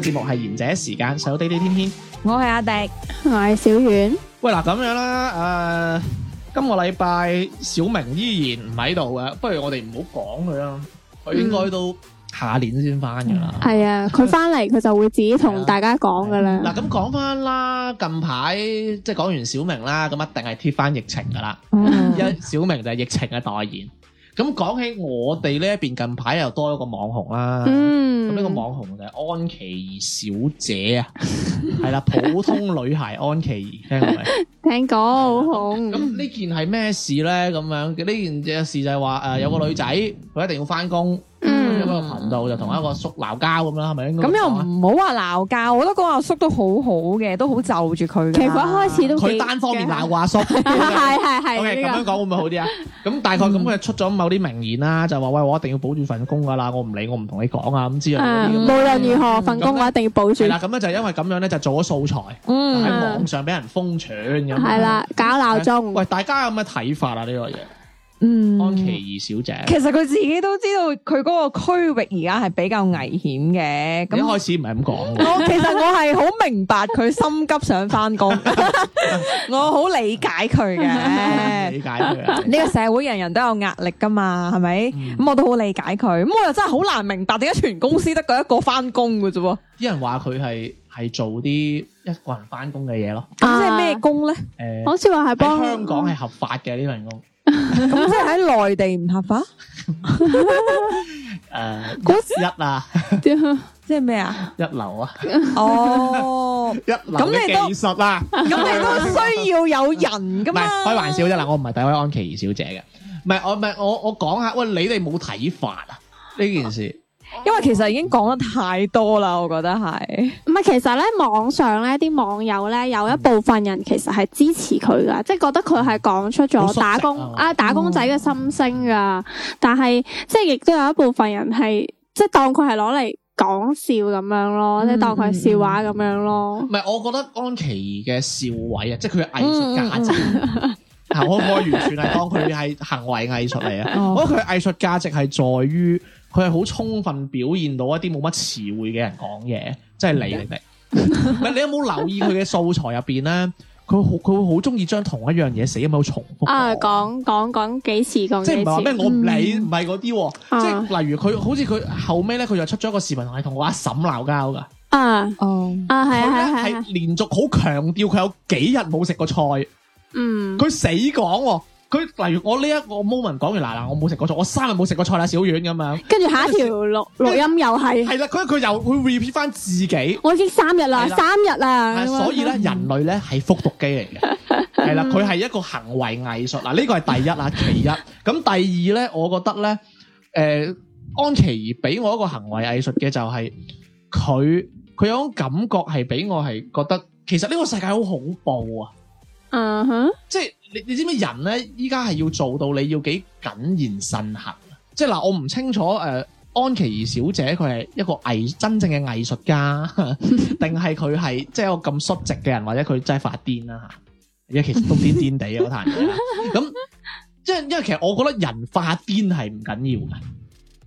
節目係賢者時間，手提提天天，我係阿迪，我係小遠。喂嗱，咁樣啦，誒，今個禮拜小明依然唔喺度啊，不如我哋唔好講佢啦，佢應該都下年先翻噶啦。係啊，佢翻嚟佢就會自己同大家講噶啦。嗱，咁講翻啦，近排即係講完小明啦，咁一定係貼翻疫情噶啦，因為小明就係疫情嘅代言。咁講起我哋呢一邊近排又多咗個網紅啦，咁呢、嗯、個網紅就係安琪兒小姐啊，係 啦，普通女孩安琪兒， 聽過未？聽講？好紅。咁 呢件係咩事咧？咁樣，呢件事就係話誒，有個女仔，佢、嗯、一定要翻工。嗯一個頻道就同一個叔鬧交咁樣啦，係咪？咁又唔好話鬧交，我覺得個阿叔都好好嘅，都好就住佢。其實佢一開始都佢單方面鬧話叔。係係係。O K，咁樣講會唔會好啲啊？咁大概咁佢出咗某啲名言啦，就話喂，我一定要保住份工噶啦，我唔理，我唔同你講啊，咁之類嗰啲。無論如何，份工我一定要保住。嗱，啦，咁咧就因為咁樣咧，就做咗素材，喺網上俾人瘋傳咁。係啦，搞鬧鐘。喂，大家有咩睇法？啊？呢個嘢？嗯，安琪兒小姐，其實佢自己都知道佢嗰個區域而家係比較危險嘅，咁一開始唔係咁講。我其實我係好明白佢心急想翻工，我好理解佢嘅。理解佢，呢個社會人人都有壓力噶嘛，係咪？咁我都好理解佢。咁我又真係好難明白，點解全公司得佢一個翻工嘅啫？啲人話佢係係做啲一個人翻工嘅嘢咯，咁即係咩工咧？誒，好似話係幫香港係合法嘅呢份工。咁即係喺內地唔合法？誒，嗰一啊，即係咩啊？一流啊，哦，一流咁你技術啊！咁你都需要有人噶嘛？唔係開玩笑啫嗱，我唔係第一位安琪兒小姐嘅，唔係我唔係我我講下，喂，你哋冇睇法啊？呢件事。因為其實已經講得太多啦，我覺得係唔係？其實咧網上咧啲網友咧有一部分人其實係支持佢噶，即係覺得佢係講出咗打工啊打工仔嘅心聲噶。但係即係亦都有一部分人係即係當佢係攞嚟講笑咁樣咯，即係當佢係笑話咁樣咯。唔係，我覺得安琪嘅笑位啊，即係佢嘅藝術價值，可唔可以完全係當佢係行為藝術嚟啊。我覺得佢藝術價值係在於。佢係好充分表現到一啲冇乜詞彙嘅人講嘢，即係你哋。唔係你有冇留意佢嘅素材入邊咧？佢好佢會好中意將同一樣嘢死咁樣重複。啊，講講講幾次講幾次。即係唔係咩？我唔理，唔係嗰啲，啊嗯、即係例如佢好似佢後尾咧，佢又出咗一個視頻，係同我阿嬸鬧交噶。啊哦啊係係係係。佢咧係連續好強調佢有幾日冇食過菜。嗯，佢死講。佢例如我呢一個 moment 講完嗱，嗱，我冇食過菜，我三日冇食過菜啦，小丸咁樣。跟住下一條錄錄音又係係啦，佢佢又會 repeat 翻自己。我已經三日啦，了三日啦。所以咧，嗯、人類咧係複讀機嚟嘅，係啦，佢係 一個行為藝術嗱，呢個係第一啊，其一。咁第二咧，我覺得咧，誒、呃，安琪兒俾我一個行為藝術嘅就係、是、佢，佢有種感覺係俾我係覺得，其實呢個世界好恐怖啊。嗯哼，uh huh. 即係你你知唔知人咧？依家係要做到你要幾謹言慎行，即係嗱，我唔清楚誒、呃。安琪兒小姐佢係一個藝真正嘅藝術家，定係佢係即係一個咁率直嘅人，或者佢真係發癲啦吓？而家其實都癲癲地啊，我睇下。咁即係因為其實我覺得人發癲係唔緊要噶。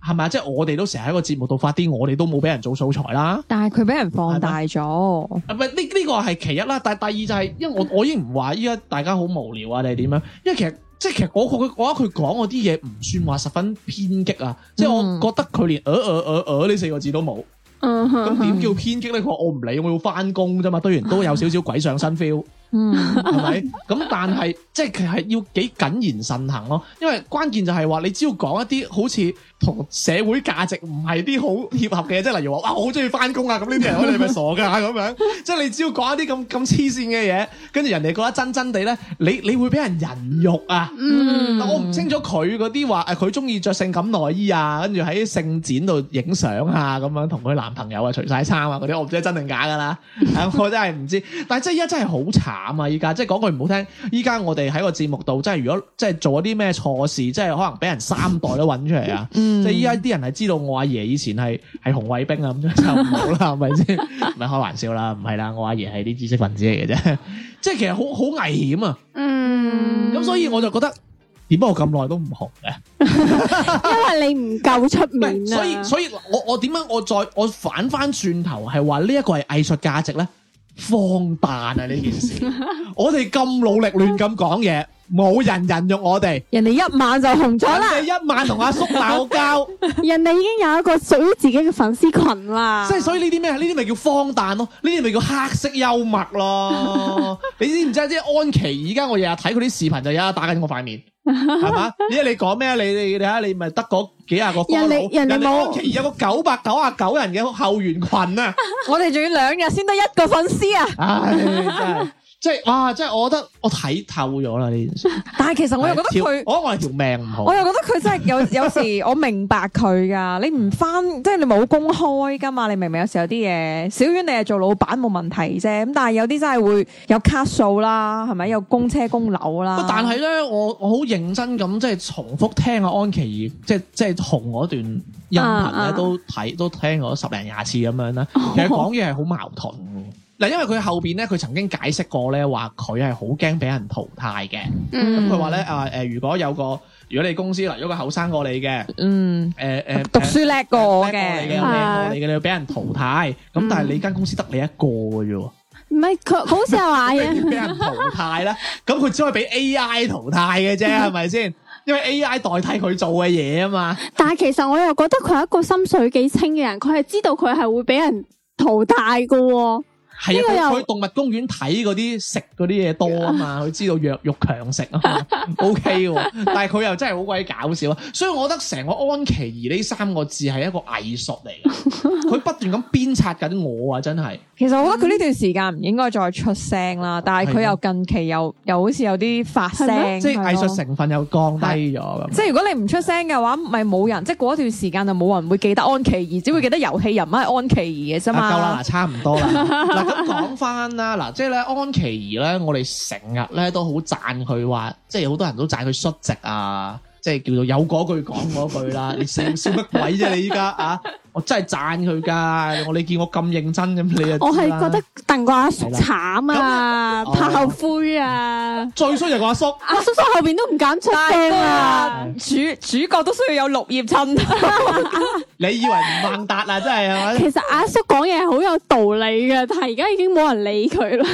係咪即係我哋都成日喺個節目度發啲，我哋都冇俾人做素材啦。但係佢俾人放大咗，唔係呢？呢、啊呢個係其一啦。但係第二就係，因為我我已經唔話依家大家好無聊啊，定係點樣？因為其實即係其實我我覺得佢講嗰啲嘢唔算話十分偏激啊。嗯、即係我覺得佢連呃呃呃呃呢、呃呃、四個字都冇。咁點、嗯、叫偏激咧？佢話我唔理，我要翻工啫嘛。當然都有少少鬼上身 feel。嗯 係咪？咁 但係即係佢係要幾謹言慎行咯，因為關鍵就係話你只要講一啲好似同社會價值唔係啲好貼合嘅，即係例如話哇我好中意翻工啊，咁呢啲人我哋係咪傻噶咁、啊、樣，即係你只要講一啲咁咁黐線嘅嘢，跟住人哋覺得真真地咧，你你會俾人人肉啊？嗯、但我唔清楚佢嗰啲話誒，佢中意着性感內衣啊，跟住喺性展度影相啊，咁樣同佢男朋友啊除晒衫啊嗰啲，我唔知真定假噶啦，嗯，我真係唔知。但係即係依家真係好慘。咁啊！依家即係講句唔好聽，依家我哋喺個節目度，即係如果即係做咗啲咩錯事，即係可能俾人三代都揾出嚟啊！ 嗯、即係依家啲人係知道我阿爺以前係係紅衛兵啊，咁樣就唔好啦，係咪先？唔係 開玩笑啦，唔係啦，我阿爺係啲知識分子嚟嘅啫，即係其實好好危險啊！嗯，咁所以我就覺得，點解我咁耐都唔紅嘅？ 因為你唔夠出名啊！所以所以，所以所以我我點解我，我再我反翻轉頭係話呢一個係藝術價值咧？荒誕啊！呢件事， 我哋咁努力亂咁講嘢，冇人人肉我哋，人哋一晚就紅咗啦。人哋一晚同阿叔鬧交，人哋已經有一個屬於自己嘅粉絲群啦。即係所以呢啲咩呢啲咪叫荒誕咯、啊？呢啲咪叫黑色幽默咯、啊？ 你知唔知啊？即係安琪，而家我日日睇佢啲視頻，就有一打緊我塊面。係嘛？咦， 你講咩啊？你你睇下，你咪得嗰幾廿個？人哋人哋有個九百九十九人嘅後援群啊！我哋仲要兩日先得一個粉絲啊！ 哎真即係哇、啊！即係我覺得我睇透咗啦呢件事。 但係其實我又覺得佢， 我係條命唔好。 我又覺得佢真係有，有時我明白佢噶。你唔翻，即係你冇公開噶嘛？你明唔明有時有啲嘢，小娟你係做老闆冇問題啫。咁但係有啲真係會有卡數啦，係咪有供車供樓啦？但係咧，我我好認真咁即係重複聽下安琪兒，即係即係同段音頻咧、啊啊，都睇都聽咗十零廿次咁樣啦。其實講嘢係好矛盾。 嗱，因為佢後邊咧，佢曾經解釋過咧，話佢係好驚俾人淘汰嘅。咁佢話咧，啊，誒、呃，如果有個如果你公司嚟咗個後生過你嘅，嗯，誒誒、呃，呃、讀書叻過我嘅，係啊、呃是，你要俾人淘汰咁。嗯、但係你間公司得你一個嘅啫，唔係佢好似笑話嘅俾人淘汰啦。咁佢 只可以俾 A.I. 淘汰嘅啫，係咪先？因為 A.I. 代替佢做嘅嘢啊嘛。 但係其實我又覺得佢係一個心水幾清嘅人，佢係知道佢係會俾人淘汰嘅。係啊，佢去動物公園睇嗰啲食嗰啲嘢，多啊嘛，佢 知道弱肉強食啊嘛、 okay。O K，但係佢又真係好鬼搞笑，所以我覺得成個安琪兒呢三個字係一個藝術嚟嘅，佢 不斷咁鞭策緊我啊，真係。其實我覺得佢呢段時間唔應該再出聲啦，但係佢又近期又又好似有啲發聲，嗎哦、即係藝術成分又降低咗。的樣即係如果你唔出聲嘅話，咪冇人，即係段時間就冇人會記得安琪兒，只會記得遊戲人物係安琪兒嘅啫嘛。夠啦、啊，差唔多啦。 咁講返啦，嗱，即係安琪兒呢，我哋成日咧都好讚佢，話即係好多人都讚佢率直啊。即係叫做有嗰句講嗰句啦，你笑笑乜鬼啫？你依家啊，我真係讚佢噶，我你見我咁認真咁，你啊，我係覺得鄧個阿叔慘啊，炮灰啊，最衰就係個阿叔，阿叔叔後邊都唔敢出聲啊，主主角都需要有綠葉襯，你以為孟達啊，真係係咪？其實阿叔講嘢係好有道理嘅，但係而家已經冇人理佢啦。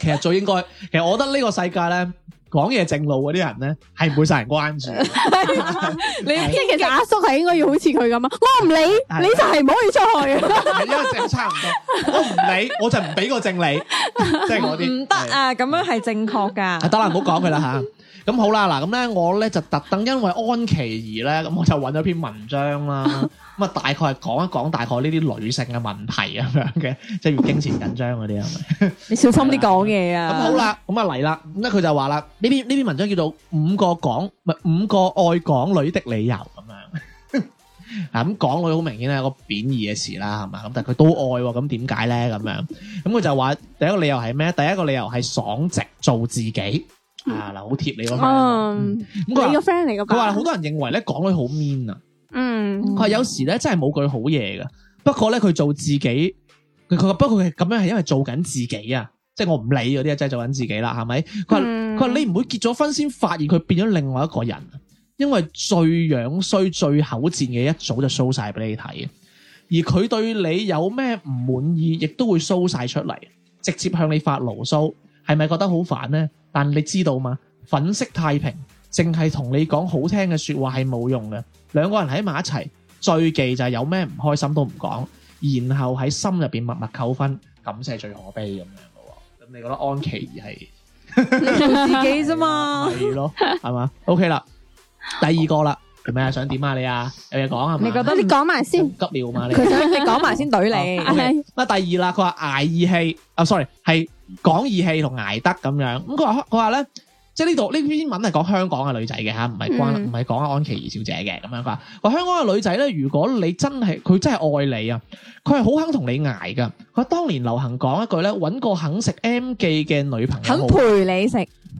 其實最應該，其實我覺得呢個世界咧，講嘢正路嗰啲人咧，係唔會晒人關注。 你經 即係其實阿叔係應該要好似佢咁啊！我唔理，你就係唔可以出去。啊。 因為正差唔多，我唔理，我就唔俾個正理，即係我啲唔得啊！咁樣係正確噶。得 啦，啊，唔好講佢啦吓。咁好啦，嗱咁咧，我咧就特登，因為安琪兒咧，咁我就揾咗篇文章啦，咁啊，大概係講一講大概呢啲女性嘅問題咁樣嘅，即係月經前緊張嗰啲啊。 吧你小心啲講嘢啊！咁好啦，咁啊嚟啦，咁咧佢就話啦，呢篇呢篇文章叫做《五個港係五個愛港女的理由》咁樣。啊、 嗯，咁港女好明顯咧有個貶義嘅詞啦，係嘛，咁但係佢都愛、哦，咁點解咧？咁樣，咁佢就話第一個理由係咩？第一個理由係爽直做自己。啊，嗱，好貼你咯，咁佢個 friend 嚟佢話好多人認為咧，港女好 mean 啊。嗯，佢話有時咧真係冇句好嘢嘅。嗯、不過咧，佢做自己，佢佢、嗯、不過佢咁樣係因為做緊自己啊。即係、嗯、我唔理嗰啲，真係做緊自己啦，係咪？佢話佢話你唔會結咗婚先發現佢變咗另外一個人，因為最樣衰、最口賤嘅一早就 show 晒俾你睇嘅。而佢對你有咩唔滿意，亦都會 show 晒出嚟，直接向你發牢騷，係咪覺得好煩咧？但你知道嘛？粉飾太平，淨係同你講好聽嘅說話係冇用嘅。兩個人喺埋一齊，最忌就係有咩唔開心都唔講，然後喺心入邊默默扣分，咁先係最可悲咁樣嘅。咁你覺得安琪兒係自己啫嘛？係咯，係嘛？OK 啦，第二個啦，係咪啊？想點啊你啊？有嘢講係咪？你覺得你講埋先，急尿嘛？你你講埋先懟你。啊，第二啦，佢話挨義氣啊，sorry 係。講義氣同挨得咁樣，咁佢話佢話咧，即係呢度呢篇英文係講香港嘅女仔嘅吓，唔係關唔係講阿安琪兒小姐嘅咁樣。佢話，香港嘅女仔咧，如果你真係佢真係愛你啊，佢係好肯同你挨噶。佢話當年流行講一句咧，搵個肯食 M 記嘅女朋友，肯陪你食。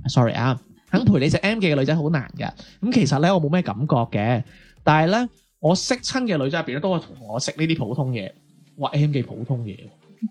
Sorry 啊，肯陪你食 M 記嘅女仔好難噶。咁其實咧我冇咩感覺嘅，但係咧我識親嘅女仔入邊咧都係同我食呢啲普通嘢，或 M 記普通嘢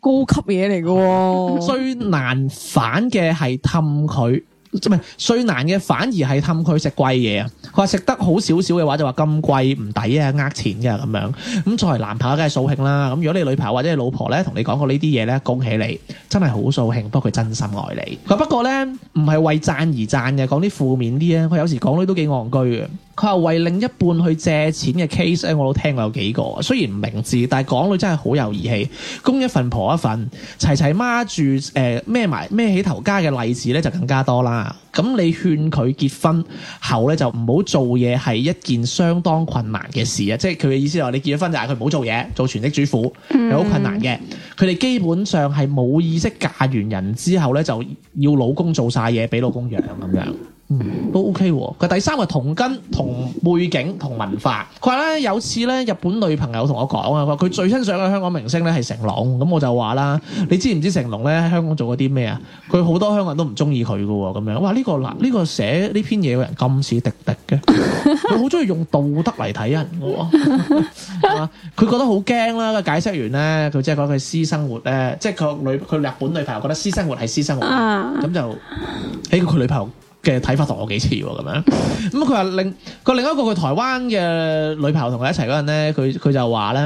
高級嘢，嚟嘅喎，最難反嘅係氹佢，唔係最難嘅反而係氹佢食貴嘢啊！佢話食得好少少嘅話就話咁貴唔抵啊，呃錢噶咁樣。咁作為男朋友梗係掃興啦。咁如果你女朋友或者你老婆咧同你講過呢啲嘢咧，恭喜你真係好掃興，不過佢真心愛你。佢不過咧唔係為讚而讚嘅，講啲負面啲啊。佢有時講啲都幾戇居嘅。佢話為另一半去借錢嘅 case 咧，我都聽過有幾個。雖然唔明智，但係港女真係好有義氣，供一份婆一份，齊齊孖住誒孭埋孭起頭家嘅例子咧，就更加多啦。咁你勸佢結婚後咧，就唔好做嘢，係一件相當困難嘅事啊！即係佢嘅意思就係你結咗婚就係佢唔好做嘢，做全職主婦係好困難嘅。佢哋、嗯、基本上係冇意識嫁完人之後咧，就要老公做晒嘢俾老公養咁樣。嗯、都 OK 喎。佢第三係同根、同背景、同文化。佢話咧有次咧，日本女朋友同我講啊，佢最欣賞嘅香港明星咧係成龍。咁我就話啦，你知唔知成龍咧喺香港做過啲咩啊？佢好多香港人都唔中意佢嘅咁樣。哇，呢、這個嗱呢、這個寫呢篇嘢嘅人咁似滴滴嘅，佢好中意用道德嚟睇人嘅。佢 覺得好驚啦。解釋完咧，佢即係講佢私生活咧，即係佢女佢日本女朋友覺得私生活係私生活，咁 就呢個佢女朋友。嘅睇法同我幾次喎、啊、咁樣，咁佢話另佢另一個佢台灣嘅女朋友同佢一齊嗰陣咧，佢佢就話咧，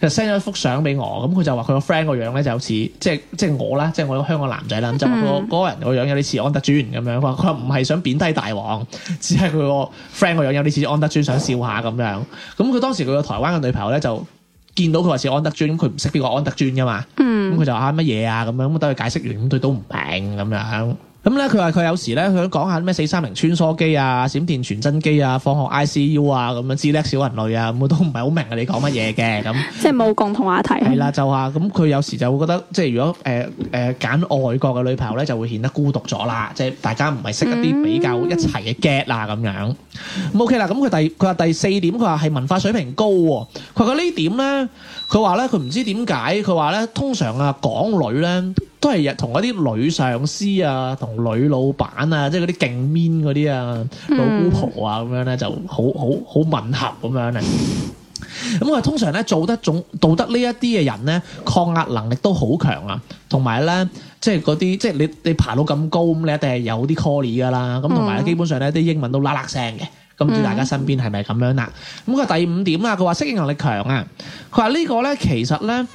佢 send 咗一幅相俾我，咁佢就話佢個 friend 個樣咧就好似即係即係我啦，即係我，即我，即我個香港男仔啦，咁就話佢嗰人個樣有啲似安德尊咁樣，佢話佢話唔係想貶低大王，只係佢個 friend 個樣有啲似安德尊，想笑下咁樣。咁佢當時佢個台灣嘅女朋友咧就見到佢話似安德尊，咁佢唔識邊個安德尊㗎嘛，咁佢、嗯、就話乜嘢啊咁樣，咁等佢解釋完，咁佢都唔明咁樣。咁咧，佢話佢有時咧，佢講下咩四三零穿梭機啊，閃電傳真機啊，放學 I C U 啊，咁樣知叻小人類啊，咁我都唔係好明啊。你講乜嘢嘅咁？即係冇共同話題。係啦， 就話咁佢有時就會覺得，即係如果誒誒揀外國嘅女朋友咧，就會顯得孤獨咗啦。即係大家唔係識一啲比較一齊嘅 get 啊、嗯，咁樣。O K 啦。咁、okay，佢第佢話第四點，佢話係文化水平高。佢話呢點咧？佢話咧，佢唔知點解。佢話咧，通常啊，港女咧都係同嗰啲女上司啊、同女老闆啊，即係嗰啲勁面嗰啲啊、嗯、老姑婆啊咁樣咧，就好好好吻合咁樣咧。咁啊，通常咧做得總，做得，得呢一啲嘅人咧，抗壓能力都好強啊。同埋咧，即係嗰啲，即係你你爬到咁高，咁你一定係有啲 callie 噶啦。咁同埋基本上咧啲英文都啦啦聲嘅。咁唔知大家身邊係咪咁樣啦？咁佢、嗯、第五點啦，佢話適應能力強啊！佢話呢個咧其實咧，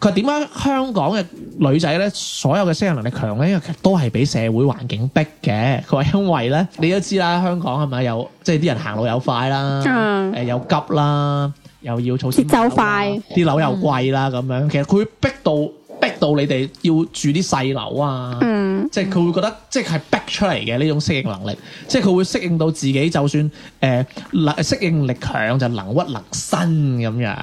佢點解香港嘅女仔咧，所有嘅適應能力強咧，因為其實都係俾社會環境逼嘅。佢話因為咧，你都知啦，香港係咪有即係啲人行路又快啦，誒又、嗯呃、急啦，又要儲錢快，啲樓又貴啦咁、嗯、樣。其實佢會逼到逼到你哋要住啲細樓啊。嗯即係佢會覺得，即係逼出嚟嘅呢種適應能力，即係佢會適應到自己，就算誒，適應力強就能屈能伸咁樣，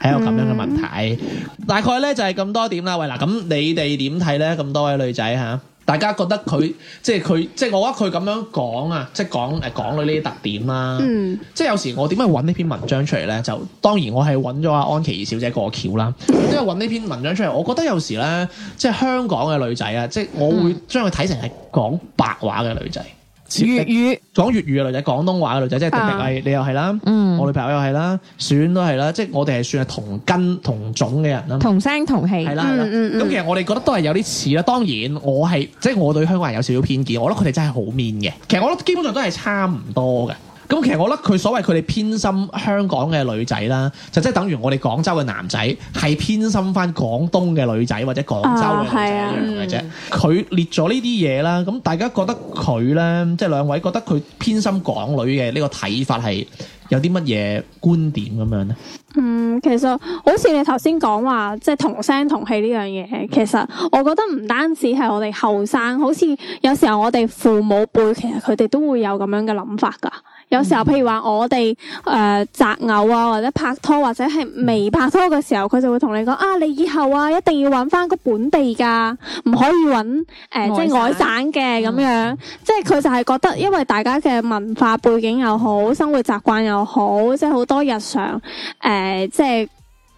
係一個咁樣嘅問題。嗯、大概咧就係咁多點啦。喂，嗱，咁你哋點睇咧？咁多位女仔吓？大家覺得佢即係佢即係我覺得佢咁樣講啊，即係講誒講港女呢啲特點啦、啊。嗯、即係有時我點解揾呢篇文章出嚟咧？就當然我係揾咗阿安琪兒小姐過橋啦，即係揾呢篇文章出嚟。我覺得有時咧，即係香港嘅女仔啊，即係我會將佢睇成係講白話嘅女仔。粵語講粵語嘅女仔，廣東話嘅女仔，啊、即係迪迪係，你又係啦，我女朋友又係啦，選都係啦，即係我哋係算係同根同種嘅人啦，同聲同氣係啦係啦，咁其實我哋覺得都係有啲似啦。當然我，我係即係我對香港人有少少偏見，我覺得佢哋真係好面嘅。其實我覺得基本上都係差唔多嘅。咁其實我覺得佢所謂佢哋偏心香港嘅女仔啦，就即、是、係等於我哋廣州嘅男仔係偏心翻廣東嘅女仔或者廣州嘅女仔佢、啊啊嗯、列咗呢啲嘢啦，咁大家覺得佢呢，即、就、係、是、兩位覺得佢偏心港女嘅呢個睇法係有啲乜嘢觀點咁樣呢？嗯，其實好似你頭先講話，即係同聲同氣呢樣嘢。其實我覺得唔單止係我哋後生，好似有時候我哋父母輩，其實佢哋都會有咁樣嘅諗法㗎。有時候譬如話我哋誒擇偶啊，或者拍拖，或者係未拍拖嘅時候，佢就會同你講啊，你以後啊一定要揾翻個本地㗎，唔可以揾誒即係外省嘅咁樣。嗯、即係佢就係覺得，因為大家嘅文化背景又好，生活習慣又好，即係好多日常誒。呃即係。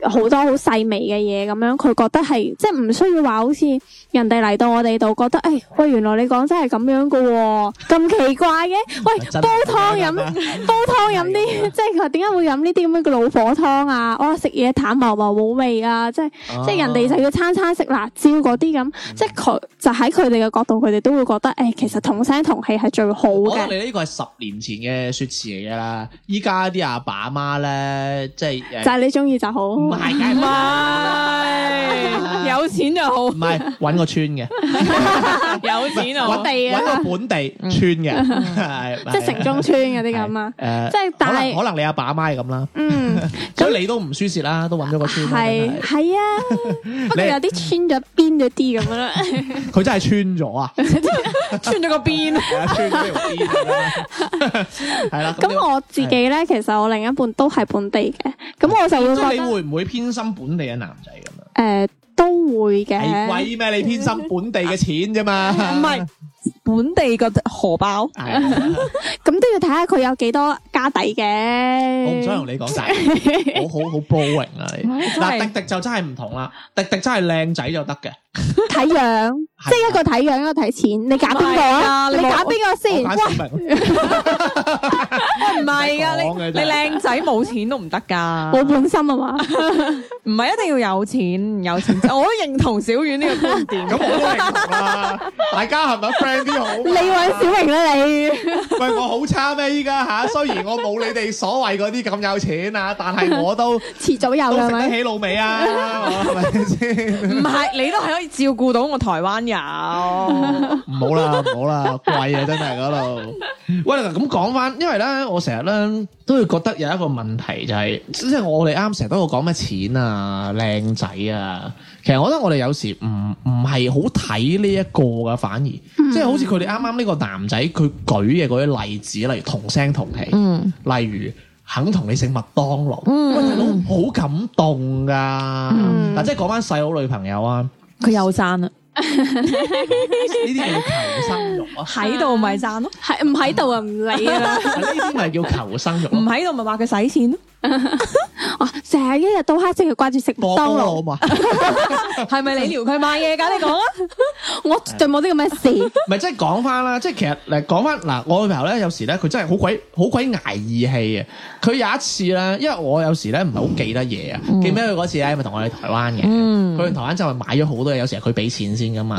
好多好細微嘅嘢咁樣，佢覺得係即係唔需要話，好似人哋嚟到我哋度覺得，誒、哎、喂，原來你講真係咁樣噶、哦，咁奇怪嘅，喂煲湯飲煲湯飲啲，啊、即係佢話點解會飲呢啲咁嘅老火湯啊？哦，食嘢淡麻麻冇味啊！即係即係人哋就要餐餐食辣椒嗰啲咁，嗯、即係佢就喺佢哋嘅角度，佢哋都會覺得，誒、哎，其實同聲同氣係最好嘅。你呢個係十年前嘅說辭嚟嘅啦，依家啲阿爸阿媽咧，即係、呃、就係你中意就好。唔係，有錢就好。唔係搵個村嘅，有錢搵地啊，搵個本地村嘅，即係城中村嗰啲咁啊。誒，即係但係可能你阿爸阿媽咁啦。嗯，咁你都唔舒適啦，都搵咗個村。係係啊，不過有啲穿咗邊嗰啲咁咯。佢真係穿咗啊！穿咗個邊啊！穿咗個邊啦。係啦。咁我自己咧，其實我另一半都係本地嘅，咁我就會覺得。會偏心本地嘅男仔咁樣，誒、呃，都會嘅。係鬼咩？ 你偏心本地嘅錢啫嘛。唔係。本地個荷包，咁都要睇下佢有幾多家底嘅。我唔想同你講仔，我好好 boring 啊。嗱，迪迪就真係唔同啦，迪迪真係靚仔就得嘅。睇樣，即係一個睇樣，一個睇錢，你揀邊個啊？你揀邊個先？唔係噶，你你靚仔冇錢都唔得噶。冇本心啊嘛，唔係一定要有錢，有錢。我都認同小遠呢個觀點，咁我都認同啦。大家係咪 friend？啊、你搵小明啦、啊，你 喂，我好差咩？依家吓，雖然我冇你哋所謂嗰啲咁有錢啊，但係我都遲早有，都食得起老味啊，係咪先？唔係，你都係可以照顧到我台灣友。唔 好啦，唔好啦，貴啊 真係嗰度。喂，咁講翻，因為咧，我成日咧。都會覺得有一個問題就係、是，即係我哋啱成日都會講咩錢啊、靚仔啊，其實我覺得我哋有時唔唔係好睇呢一個噶，反而、嗯、即係好似佢哋啱啱呢個男仔佢舉嘅嗰啲例子，例如同聲同氣，嗯、例如肯同你食麥當勞，喂大佬好感動噶，嗱、嗯、即係講翻細佬女朋友啊，佢又讚啦。呢 啲叫求生欲咯，喺度咪賺咯，喺唔喺度啊唔理 啊。呢啲咪叫求生欲，唔喺度咪話佢使錢咯。啊，成日一日到黑即係掛住食麥當勞嘛？係咪你撩佢買嘢噶？你講啊，我絕對冇啲咁嘅事。唔係即係講翻啦，即、就、係、是、其實嚟講翻嗱，我女朋友咧有時咧佢真係好鬼好鬼挨義氣啊。佢有一次咧，因為我有時咧唔係好記得嘢啊，記唔、嗯、記得佢嗰次咧咪同我去台灣嘅？佢去、嗯、台灣之後買咗好多嘢，有時係佢俾錢先。噶嘛，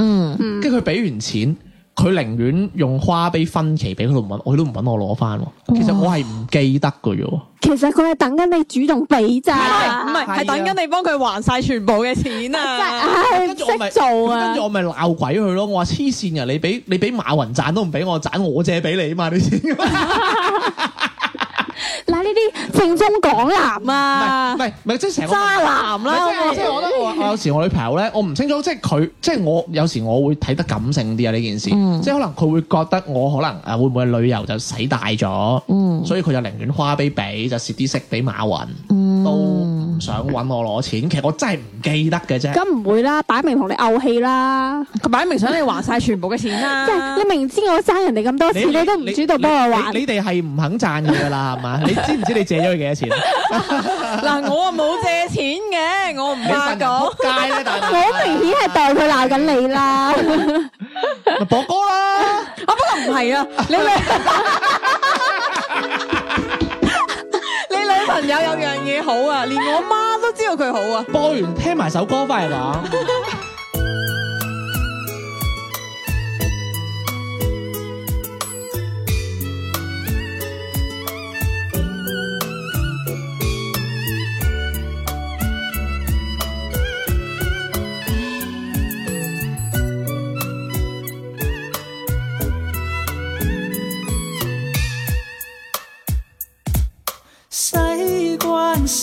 跟住佢俾完錢，佢寧願用花唄分期俾佢都唔搵，佢都唔搵我攞翻。哇其實我係唔記得嘅啫。其實佢係等緊你主動俾咋，唔係，係等緊你幫佢還晒全部嘅錢啊。係識做啊，跟住我咪鬧鬼佢咯。我話黐線啊，你俾你俾馬雲賺都唔俾我賺，我借俾你啊嘛，你知。 嗱呢啲正宗港男啊，唔係唔係即係成個渣男啦！即係我覺得我有時我女朋友咧，我唔清楚即係佢即係我有時我會睇得感性啲啊呢件事，即係可能佢會覺得我可能誒會唔會旅遊就使大咗，所以佢就寧願花俾俾就蝕啲息俾馬雲，都唔想揾我攞錢。其實我真係唔記得嘅啫，咁唔會啦，擺明同你嘔氣啦，佢擺明想你還晒全部嘅錢啦，你明知我爭人哋咁多錢，你都唔主動幫我還。你哋係唔肯贊佢嘅啦，係嘛？知唔知你借咗佢幾多錢？嗱，我啊冇借錢嘅，我唔怕。得講。街咧、啊，大佬、啊，我明顯係當佢鬧緊你啦。博哥啦，啊 不過唔係啊，你你你女朋友有樣嘢好啊，連我媽都知道佢好啊。播完聽埋首歌翻嚟話。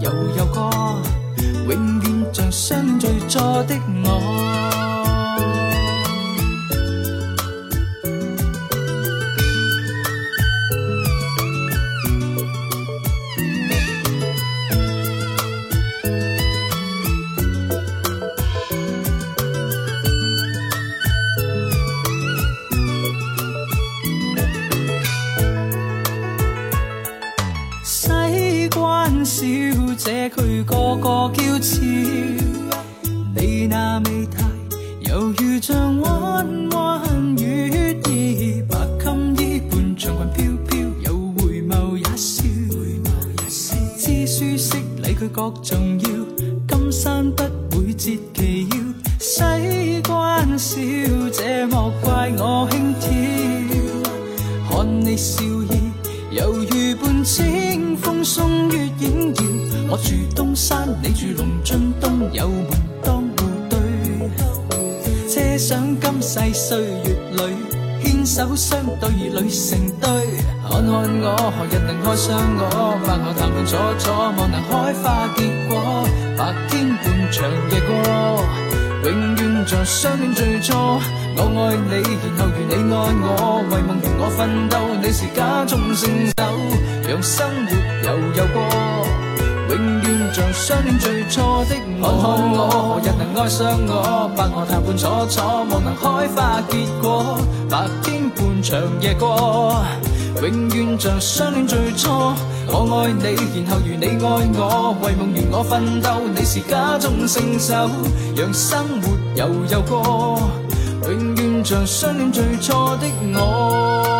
又有歌，永遠像相聚錯的我。不能愛上我，把我談半楚楚，望能開花結果。白天半場夜過，永遠像相戀最初。我愛你，然後如你愛我，為夢圓我奮鬥。你是家中聖手，讓生活悠悠過。永遠像相戀最初的我。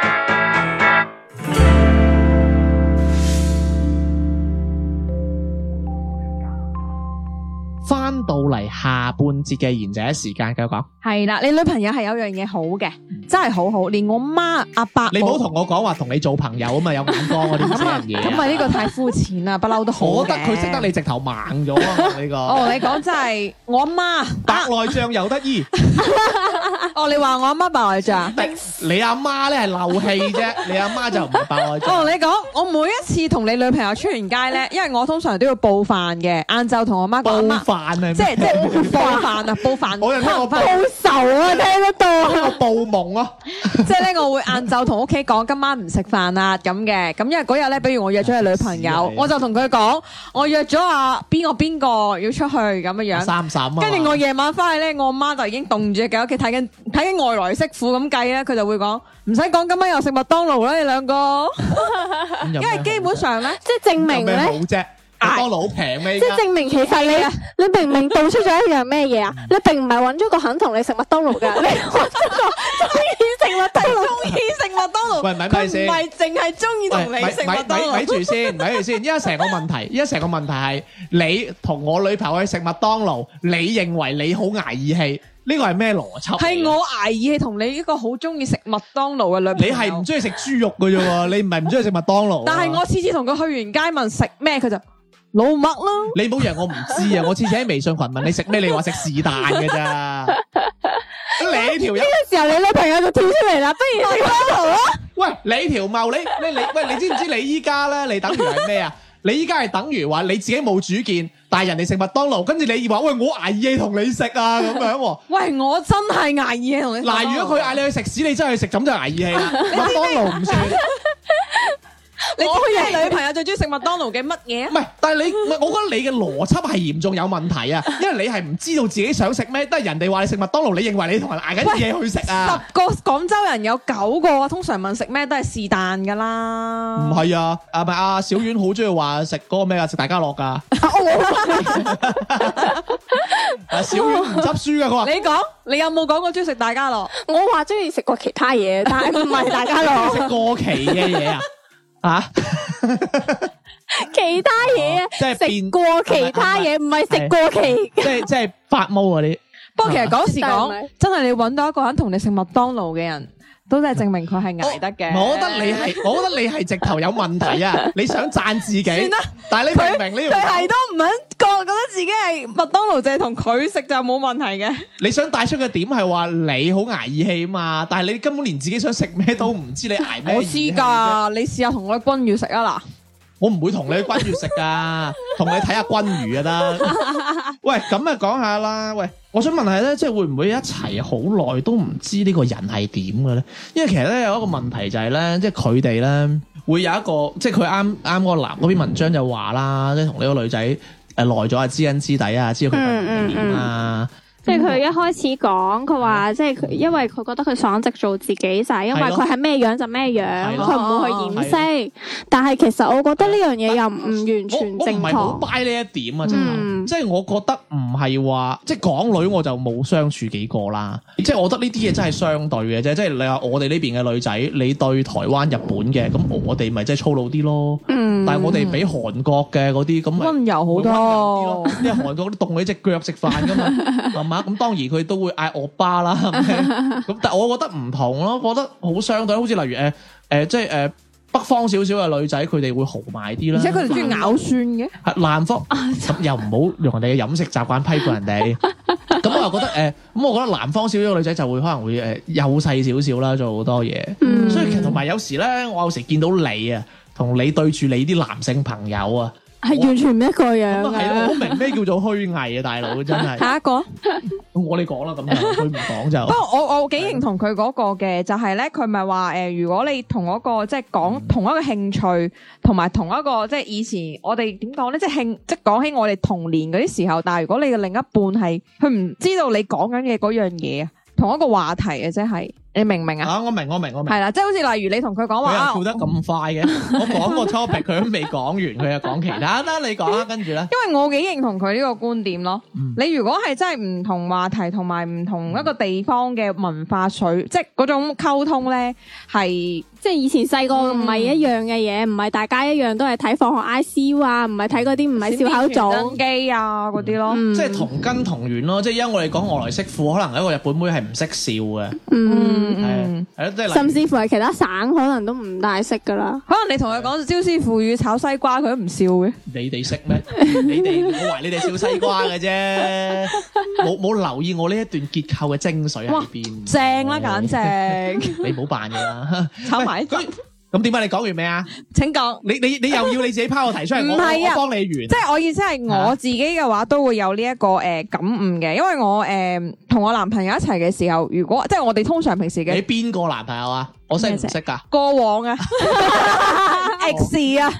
翻到嚟下半節嘅賢者時間，繼續講。係啦，你女朋友係有樣嘢好嘅，嗯、真係好好，連我媽阿伯。你唔好同我講話同你做朋友啊嘛，有眼光啊，點樣嘢？咁、嗯、啊，咁、嗯、啊，呢、這個太膚淺啦，不嬲都好。我覺得佢識得你直頭猛咗啊呢個。哦，你講真係我阿媽，白內、啊、障又得意。 哦，你話我阿媽白內障？你阿媽咧係漏氣啫，你阿媽就唔係白內障。 哦，你講，我每一次同你女朋友出完街咧，因為我通常都要報飯嘅，晏晝同我媽講。 即係即係煲飯啊，煲飯、啊！ 我又聽我翻報仇啊，聽得到、啊！我報夢咯，即係咧，我會晏晝同屋企講，今晚唔食飯啦咁嘅。咁因為嗰日咧，比如我約咗個女朋友，啊、我就同佢講，我約咗啊，邊個邊個要出去咁樣樣。跟住我夜、啊嗯、晚翻去咧，我阿媽就已經凍住喺屋企睇緊睇緊外來媳婦咁計咧，佢就會講唔使講，今晚又食麥當勞啦，你兩個， 因為基本上咧，即係 證明咧。麥當勞好平咩？即係證明其實你、嗯、你，你明明道出咗一樣咩嘢啊？嗯、你並唔係揾咗個肯同你食麥當勞嘅， 你揾咗個中意食麥當勞，中意食麥當勞。唔係唔係淨係中意同你食麥當勞。咪住先，咪住先。依家成個問題，依家成個問題係你同我女朋友去食麥當勞，你認為你好挨義氣？呢個係咩邏輯？係我挨義氣同你呢個好中意食麥當勞嘅女朋友？你係唔中意食豬肉嘅啫？你唔係唔中意食麥當勞？ 但係我次次同佢去完街問食咩，佢就。老麥咯，你冇讓我唔知啊！我，我次次喺微信群問你食咩，你話食是但嘅咋？你條友呢個時候你女朋友就跳出嚟啦，不如麥喂，你條茂，你你你？喂，你知唔知你依家咧？你等於係咩啊？你依家係等於話你自己冇主見，但人哋食麥當勞，跟住你話喂我挨夜同你食啊咁樣？喂，我、啊、喂我真係挨夜同你。嗱，如果佢嗌你去食屎，你真係去食，咁就挨夜氣啦。麥當勞唔食。 你佢女朋友最中意食麥當勞嘅乜嘢？唔係，但係你，我覺得你嘅邏輯係嚴重有問題啊！因為你係唔知道自己想食咩，都係人哋話你食麥當勞，你認為你同人挨緊啲嘢，去食啊？十個廣州人有九個通常問食咩都係是但噶啦。唔係啊，阿阿小婉好中意話食嗰個咩啊？食大家樂噶。 小婉唔執輸啊！佢話。你講，你有冇講過中意食大家樂？我話中意食過其他嘢，但係唔係大家樂。 你食過期嘅嘢啊！啊！ 其他嘢啊，即係食過其他嘢唔係食過期是， 即係即係發毛啊你，不過 其實講時講，真係你搵到一個肯同你食麥當勞嘅人。都淨係證明佢係捱得嘅。我覺得你係， 我覺得你係直頭有問題啊！你想讚自己？ 了但係你明唔明呢條，佢係都唔肯覺覺得自己係麥當勞，就係同佢食就冇問題嘅，嗯。你想帶出嘅點係話你好捱義氣嘛？但係你根本連自己想食咩都唔知，你捱咩？ 我知㗎，已你試下同我君宇食啊嗱。我唔會同你軍魚食噶，同 你睇下軍魚啊得。 喂，咁啊講下啦。喂，我想問係咧，即係會唔會一齊好耐都唔知呢個人係點嘅咧？因為其實咧有一個問題就係、是、咧，即係佢哋咧會有一個，即係佢啱啱嗰個男嗰篇文章就話啦，即係同呢個女仔誒耐咗啊，知恩知底啊，知道佢平時點啊。嗯嗯嗯即係佢一開始講，佢話即係，因為佢覺得佢爽直做自己就係，因為佢係咩樣就咩樣，佢唔的會去掩飾。的但係其實我覺得呢樣嘢又唔完全正確，我唔係好 buy 呢一點啊，嗯、即係，即係我覺得唔係話，即係港女我就冇相處幾個啦。即係我覺得呢啲嘢真係相對嘅啫。嗯、即係你話我哋呢邊嘅女仔，你對台灣、日本嘅咁，我哋咪即係粗魯啲咯。嗯、但係我哋比韓國嘅嗰啲咁溫柔好多。因為韓國都凍起隻腳食飯噶嘛。 嗯咁當然佢都會嗌我巴啦，咁但係我覺得唔同咯，我覺得好相對，好似例如誒誒、呃呃，即係誒、呃、北方少少嘅女仔，佢哋會豪邁啲啦，而且佢哋中意咬蒜嘅，係南方咁、啊、又唔好用人哋嘅飲食習慣批評人哋，咁、 嗯、我又覺得誒，咁、呃、我覺得南方少少嘅女仔就會可能會誒幼細少少啦，做好多嘢，所以其實同埋有時咧，我有時見到你啊，同你對住你啲男性朋友啊。係我完全唔一個樣噶、啊， 好明咩叫做虛偽啊， 大佬真係下一個， 我你講啦咁，佢唔講就。不過我我幾認同佢嗰個嘅，就係、是、咧，佢咪話誒，如果你同一個即係講同一個興趣，同埋同一個即係以前我哋點講咧，即係興，即係講起我哋童年嗰啲時候，但係如果你嘅另一半係佢唔知道你講緊嘅嗰樣嘢，同一個話題嘅即係。你明唔明啊？啊，我明，我明，我明係啦，即係好似例如你同佢講話，佢又跳得咁快嘅、啊。我講 個 topic，佢都未講完，佢又講其他啦。 你講啦，跟住咧，因為我幾認同佢呢個觀點咯。嗯、你如果係真係唔同話題，同埋唔同一個地方嘅文化水，嗯、即係嗰種溝通咧，係。即係以前細個唔係一樣嘅嘢，唔係大家一樣都係睇放學 I C U 啊，唔係睇嗰啲唔係笑口組機啊嗰啲咯。即係同根同源咯，即係因為我哋講外來媳婦，可能一個日本妹係唔識笑嘅。嗯嗯，甚至乎係其他省可能都唔大識噶啦。可能你同佢講招師傅語炒西瓜，佢都唔笑嘅。你哋識咩？你哋我懷疑你哋笑西瓜嘅啫，冇冇留意我呢一段結構嘅精髓喺邊？正啦，簡直你唔好扮啦，炒。咁咁點啊？你講完未啊？請講說。你你你又要你自己拋 是、啊、個題出嚟，我我幫你完。即係我意思係我自己嘅話，都會有呢一個誒感悟嘅。因為我誒同、呃、我男朋友一齊嘅時候，如果即係我哋通常平時嘅，你邊個男朋友啊？我識唔識㗎？過往啊，X 啊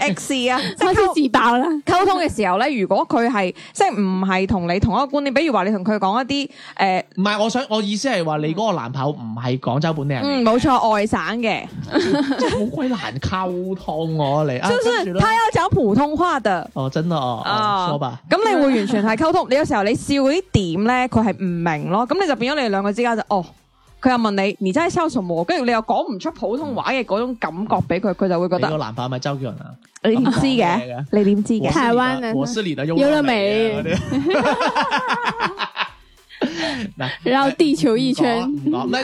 ，X 啊，開始自爆啦！溝通嘅時候咧，如果佢係即係唔係同你同一個觀念，比如話你同佢講一啲誒，唔係我想我意思係話你嗰個男朋友唔係廣州本地人，嗯，冇錯，外省嘅，好鬼難溝通我你，就算，他有講普通話嘅，哦，真啊哦，好吧。咁你會完全係溝通，你有時候你笑嗰啲點咧，佢係唔明咯，咁你就變咗你哋兩個之間就哦。佢又問你，你真係搜索，跟住你又講唔出普通話嘅嗰種感覺俾佢，佢就會覺得。個男朋友係咪周杰倫啊？你唔知嘅？ 你點知嘅？台灣人我。我是你的優美。哈哈哈！哈 來！哈！哈、呃！繞地球一圈。好，那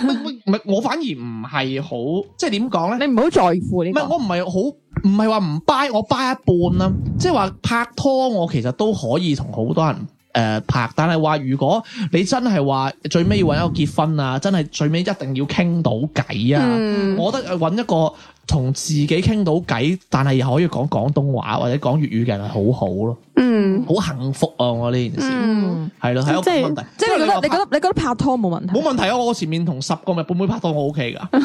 我反而唔係好，即係點講咧？你唔好在乎你、這個。唔係我唔係好，唔係話唔 buy，我 buy 一半啦、啊。即係話拍拖，我其實都可以同好多人。誒、呃，拍，但係話如果你真係話最尾要搵一個結婚啊，嗯、真係最尾一定要傾到偈啊！嗯、我覺得搵一個同自己傾到偈，但係又可以講廣東話或者講粵語嘅人、啊，係好好咯，嗯，好幸福啊！我呢件事，係咯、嗯，係一個問題。嗯、即係你，你覺得你覺得你覺得拍拖冇問題？冇問題啊！我前面同十個咪半妹拍拖我？我 OK 噶，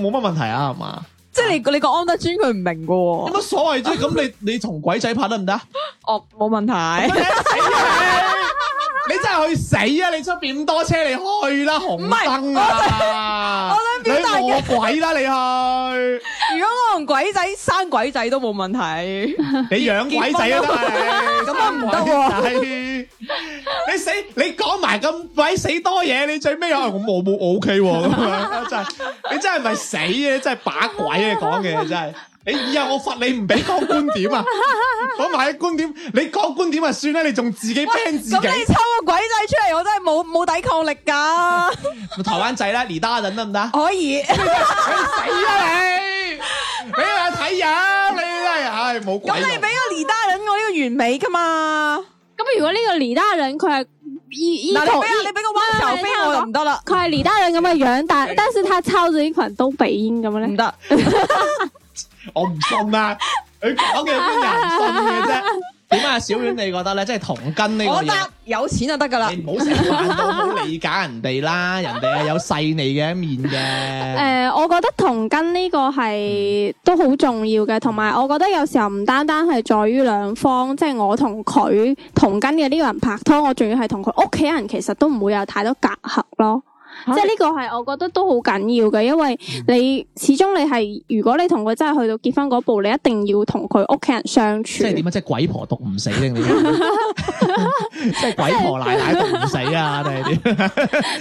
冇乜問題啊嘛。即係你你個安德尊佢唔明噶、哦，有乜所謂啫？咁你你同鬼仔拍得唔得啊？ 哦，冇問題。 你真係去死啊！你出邊咁多車，你開啦紅燈啊！你餓鬼啦你去！如果我同鬼仔生鬼仔都冇問題，你養鬼仔都得，咁啊唔得喎！你死你講埋咁鬼死多嘢，你最尾可能我冇我冇我 OK 喎咁啊！真係你真係咪死啊！真係把鬼啊講嘅真係。你以後我罰你唔俾講觀點啊！講埋啲觀點，你講觀點就算啦，你仲自己 pen 自己。咁你抽個鬼仔出嚟，我真係冇冇抵抗力噶。台灣仔啦，李大仁得唔得？可以。死啦你！俾我睇啊！你真係冇鬼。咁你俾個李大仁我呢個完美噶嘛？咁如果呢個李大仁佢係依依個，你俾個彎頭飛我唔得啦。佢李大仁咁嘅樣，但但是他抄咗呢群東北音咁樣咧，唔得。我唔信啦，佢講嘅有邊人信嘅啫。點解啊？小婉你覺得咧，即係同根呢個嘢，得有錢就得噶啦。 你唔好成日都理解人哋啦，人哋係有細膩嘅一面嘅。誒、呃，我覺得同根呢個係都好重要嘅，同埋我覺得有時候唔單單係在於兩方，即、就、係、是、我同佢同根嘅呢個人拍拖，我仲要係同佢屋企人，其實都唔會有太多隔閡咯。即係呢個係我覺得都好緊要嘅，因為你始終你係如果你同佢真係去到結婚嗰步，你一定要同佢屋企人相處。即係點啊？即係鬼婆毒唔死定點？即係鬼婆奶奶毒唔死啊！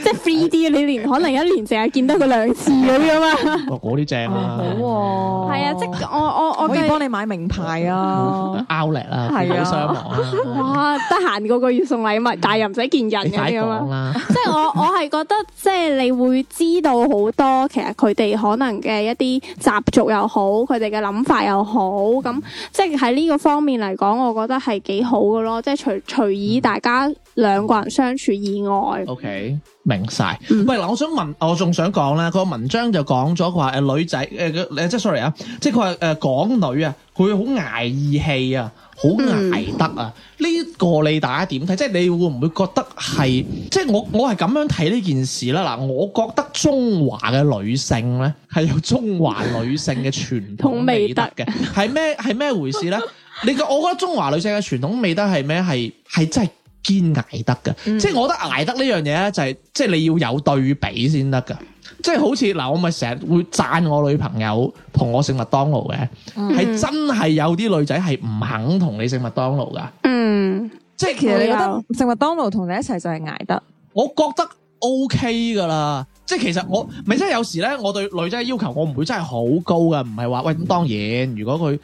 即係 three D，你連可能一年淨係見得佢兩次咁樣啲啊嘛。哦，啲正啊！好啊，係啊，即係我我我可以幫你買名牌啊 out 啊，好想啊！哇，得閒個個月送禮物，但係又唔使見人咁樣，即係我我係覺得即即係你會知道好多，其實佢哋可能嘅一啲習俗又好，佢哋嘅諗法又好，咁即係喺呢個方面嚟講，我覺得係幾好嘅咯。即係隨隨意大家兩個人相處以外，OK 明晒。喂嗱，我想問，我仲想講啦，個文章就講咗話誒，女仔誒、呃，即係 sorry 啊，即係佢話誒，港女啊，佢好挨義氣啊。好捱得啊！呢、嗯嗯、個你大家點睇？即係你會唔會覺得係？即係我我係咁樣睇呢件事啦。嗱，我覺得中華嘅女性咧，係有中華女性嘅傳統美德嘅。係咩？係咩回事咧？ 你覺我覺得中華女性嘅傳統美德係咩？係係真係堅捱得㗎。嗯、即係我覺得捱得呢樣嘢咧，就係即係你要有對比先得㗎。即係好似嗱，我咪成日會讚我女朋友同我食麥當勞嘅。係、嗯、真係有啲女仔係唔肯同你食麥當勞噶。嗯，即係是其實你覺得食麥當勞同你一齊就係捱得。我覺得 OK 噶啦。即係其實我咪即係有時咧，我對女仔嘅要求我唔會真係好高噶，唔係話喂，咁當然，如果佢。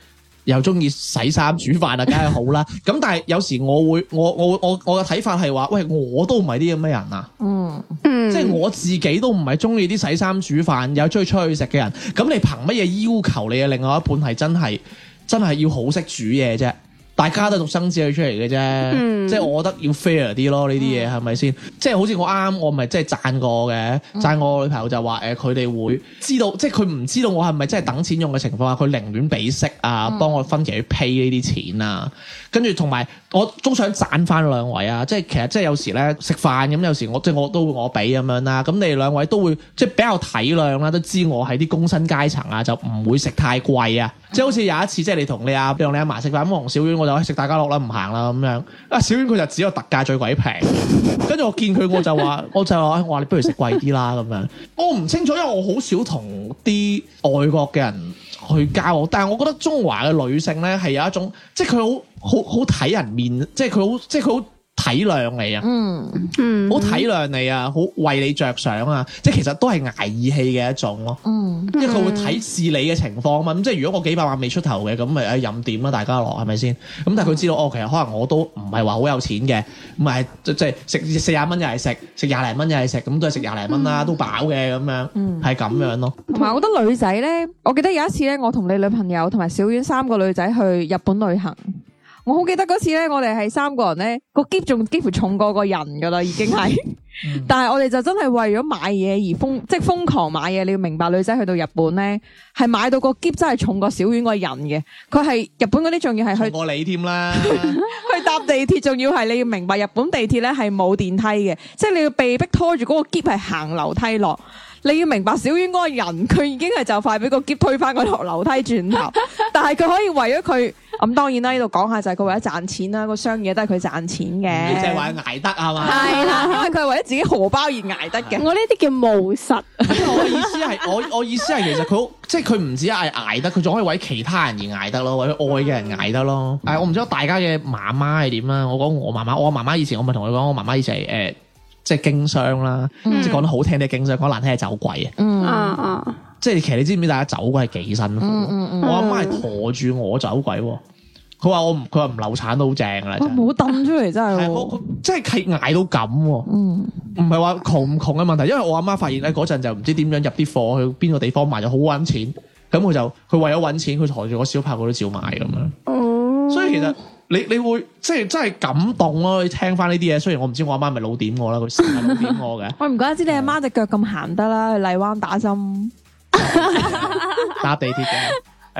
又中意洗衫煮飯啊，梗係好啦。咁 但係有時我會，我我我我嘅睇法係話，喂，我都唔係啲咁嘅人啊。嗯，即係我自己都唔係中意啲洗衫煮飯，又中意出去食嘅人。咁你憑乜嘢要求你嘅另外一半係真係真係要好識煮嘢啫？大家都獨生子女出嚟嘅啫，嗯、即係我覺得要 fair 啲咯，呢啲嘢係咪先？是是嗯、即係好似我啱我咪即係贊過嘅，贊、嗯、我女朋友就話誒佢哋會知道，即係佢唔知道我係咪即係等錢用嘅情況下，佢寧願俾息啊，幫我分期去 pay 呢啲錢啊，跟住同埋我都想賺翻兩位啊！即係其實即係有時咧食飯咁，有時我即係我都會我俾咁樣啦。咁你哋兩位都會即係比較體諒啦，都知我喺啲工薪階層啊，就唔會食太貴啊。嗯即係好似有一次，即係你同你阿，同你阿嫲食飯，咁同小婉我就去食大家樂啦，唔行啦咁樣。啊，小婉佢就只有特價最鬼平，跟住 我見佢我就話，我就話，我話你不如食貴啲啦咁樣。我唔清楚，因為我好少同啲外國嘅人去交往。但係我覺得中華嘅女性咧係有一種，即係佢好好好睇人面，即係佢好，即係佢好。體諒你啊，嗯嗯，好、嗯、體諒你啊，好為你着想啊，即係其實都係捱義氣嘅一種咯、啊嗯，嗯，因為佢會睇視你嘅情況啊嘛，咁即係如果我幾百萬未出頭嘅，咁咪誒任點啦、啊，大家樂係咪先？咁但係佢知道，嗯、哦，其實可能我都唔係話好有錢嘅，唔係即係食四十蚊又係食，食廿零蚊又係食，咁都係食廿零蚊啦，都，啊嗯、都飽嘅咁樣，係咁、嗯、樣咯、啊。同埋我覺得女仔呢，我記得有一次呢，我同你女朋友同埋小婉三個女仔去日本旅行。我好記得嗰次咧，我哋係三個人咧，個箧仲幾乎重過個人噶啦，已經係。但係我哋就真係為咗買嘢而瘋，即係瘋狂買嘢。你要明白，女仔去到日本咧，係買到個箧真係重過小丸個人嘅。佢係日本嗰啲仲要係去我你添啦，去搭地鐵仲要係，你要明白，日本地鐵咧係冇電梯嘅，即係你要被迫拖住嗰個箧係行樓梯落。你要明白小宇嗰個人，佢已經係就快俾個喼推返個樓梯轉頭，但係佢可以為咗佢咁，當然啦，呢度講下就係佢為咗賺錢啦，錢那個商業都係佢賺錢嘅、嗯。你淨係話捱得係嘛？係啦、啊，佢係、嗯、為咗自己荷包而捱得嘅。我呢啲叫務實。我意思係我我意思係其實佢即係佢唔止係捱得，佢仲可以為其他人而捱得咯，為咗愛嘅人捱得咯。誒、嗯，我唔知大家嘅媽媽係點啦。我講我媽媽，我媽媽以前我咪同你講，我媽媽以前誒。即係經商啦，嗯、即係講得好聽啲，經商；講難聽係走鬼啊！嗯嗯，即係其實你知唔知大家走鬼係幾辛苦？嗯嗯嗯、我阿媽係馱住我走鬼，佢話我唔佢話唔流產都好正噶啦，唔好、掟、出嚟真係、哦，係我真係挨到咁。嗯，唔係話窮唔窮嘅問題，因為我阿媽發現咧嗰陣就唔知點樣入啲貨去邊個地方賣就好揾錢，咁佢就佢為咗揾錢，佢馱住個小炮嗰啲照賣咁樣。哦、嗯，所以其實。你你會即係真係感動咯！你聽翻呢啲嘢，雖然我唔知我阿媽咪老點我啦，佢成日老點我嘅。我唔怪得知你阿媽隻腳咁行得啦，去荔灣打針， 打地鐵嘅，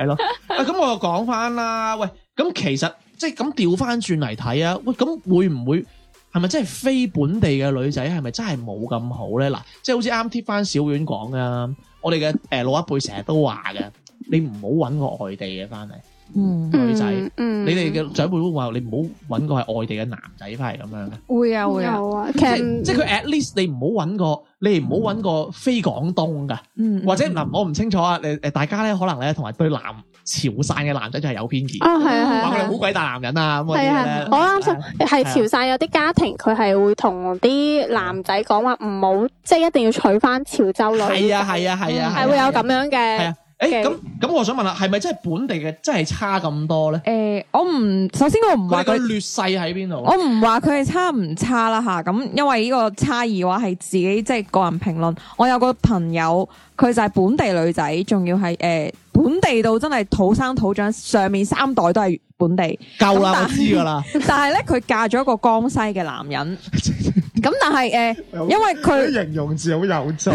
係咯。咁、啊嗯嗯、我講翻啦。喂，咁其實即係咁調翻轉嚟睇啊。喂，咁會唔會係咪真係非本地嘅女仔係咪真係冇咁好咧？嗱，即係好似啱貼翻小婉講嘅，我哋嘅誒老一輩成日都話嘅，你唔好揾個外地嘅翻嚟。嗯，女仔，嗯，你哋嘅長輩都話你唔好揾個係外地嘅男仔翻嚟咁樣嘅，會啊會啊，其實即係佢 at least 你唔好揾個，你唔好揾個非廣東噶，嗯，或者嗱，我唔清楚啊，誒誒，大家咧可能咧同埋對男潮汕嘅男仔就係有偏見，啊係啊係啊，好鬼大男人啊咁嘅嘢，咧，我啱先係潮汕有啲家庭佢係會同啲男仔講話唔好，即係一定要娶翻潮州女，係啊係啊係啊，係會有咁樣嘅。誒，咁咁、欸，我想問下，係咪真係本地嘅真係差咁多咧？誒、欸，我唔首先我唔話佢劣勢喺邊度，我唔話佢係差唔差啦吓。咁因為呢個差異嘅話係自己即係、就是、個人評論。我有個朋友，佢就係本地女仔，仲要係誒。欸本地度真係土生土長，上面三代都係本地。夠啦，我知噶啦。但係咧，佢嫁咗一個江西嘅男人。咁但係誒，因為佢形容字好幼稚。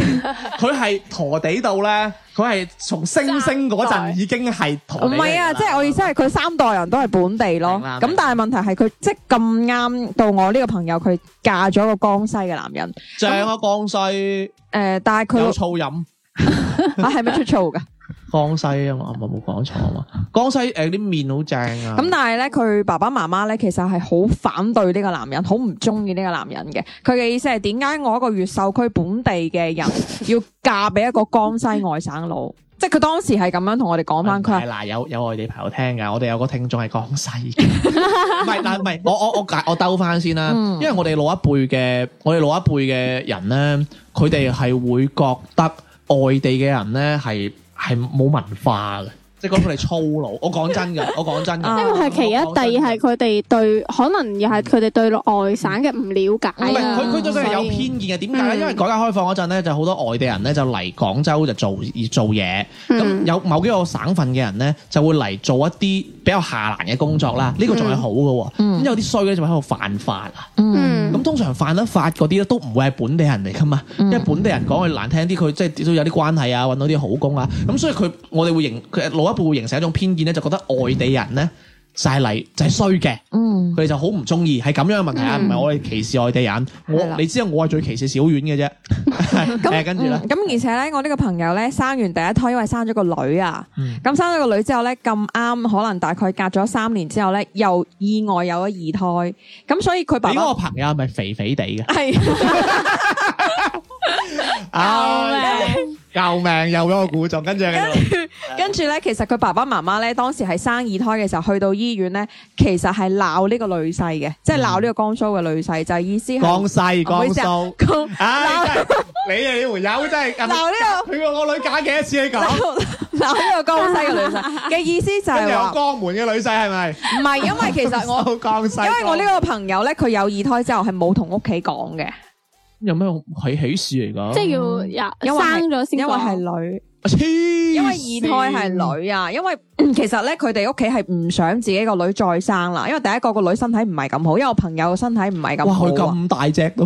佢係陀地度咧，佢係從星星嗰陣已經係陀地。唔係啊？即係我意思係，佢三代人都係本地咯。咁但係問題係，佢即係咁啱到我呢個朋友，佢嫁咗一個江西嘅男人。正啊，江西。誒，但係佢有醋飲啊？係咪出醋噶？江西啊嘛，啱啱冇講錯啊嘛。江西誒，啲、呃、面好正啊。咁、嗯、但係咧，佢爸爸媽媽咧，其實係好反對呢個男人，好唔中意呢個男人嘅。佢嘅意思係點解我一個越秀區本地嘅人要嫁俾一個江西外省佬？ 即係佢當時係咁樣同我哋講翻佢。係嗱、嗯，有有外地朋友聽噶，我哋有個聽眾係江西嘅，唔係嗱，唔係我我我解我兜翻先啦。嗯、因為我哋老一輩嘅，我哋老一輩嘅人咧，佢哋係會覺得外地嘅人咧係。係冇文化嘅。即講佢哋粗魯，我講真㗎，我講真㗎。因為係其一，第二係佢哋對，可能又係佢哋對外省嘅唔了解。唔係，佢佢就係有偏見嘅。點解咧？因為改革開放嗰陣咧，就好多外地人咧就嚟廣州就做做嘢。咁有某幾個省份嘅人咧，就會嚟做一啲比較下欄嘅工作啦。呢個仲係好㗎。咁有啲衰咧就喺度犯法啊。咁通常犯得法嗰啲咧都唔會係本地人嚟㗎嘛。因為本地人講句難聽啲，佢即係都有啲關係啊，揾到啲好工啊。咁所以佢我哋會認攞。部形成一種偏見咧，就覺得外地人咧晒係嚟就係衰嘅，嗯，佢哋就好唔中意，係咁樣嘅問題啊，唔係、嗯、我哋歧視外地人，嗯、我對了 你知道我係最歧視小丸嘅啫，咁那、 嗯、跟住啦，咁而且咧，我呢個朋友咧生完第一胎，因為生咗個女啊，咁、嗯、生咗個女之後咧咁啱，可能大概隔咗三年之後咧又意外有咗二胎，咁所以佢爸爸你個朋友係咪肥肥地嘅，係、 啊，救命，又俾我估中。跟住跟住咧，其實佢爸爸媽媽咧當時係生二胎嘅時候去到醫院咧，其實係鬧呢個女婿嘅，即係鬧呢個江蘇嘅女婿，就意思係江西江蘇啊！你啊你退休真係鬧呢個，佢話我女揀幾多次喺咁，鬧呢個江西嘅女婿嘅意思就係話江門嘅女婿係咪？唔係，因為其實我江因為我呢個朋友咧，佢有二胎之後係冇同屋企講嘅。有咩係喜，喜事嚟噶？即係要生咗先，因為係女，因為二胎係女啊。因為其實咧，佢哋屋企係唔想自己個女再生啦。因為第一個個女身體唔係咁好，因為我朋友身體唔係咁好啊。佢咁大隻都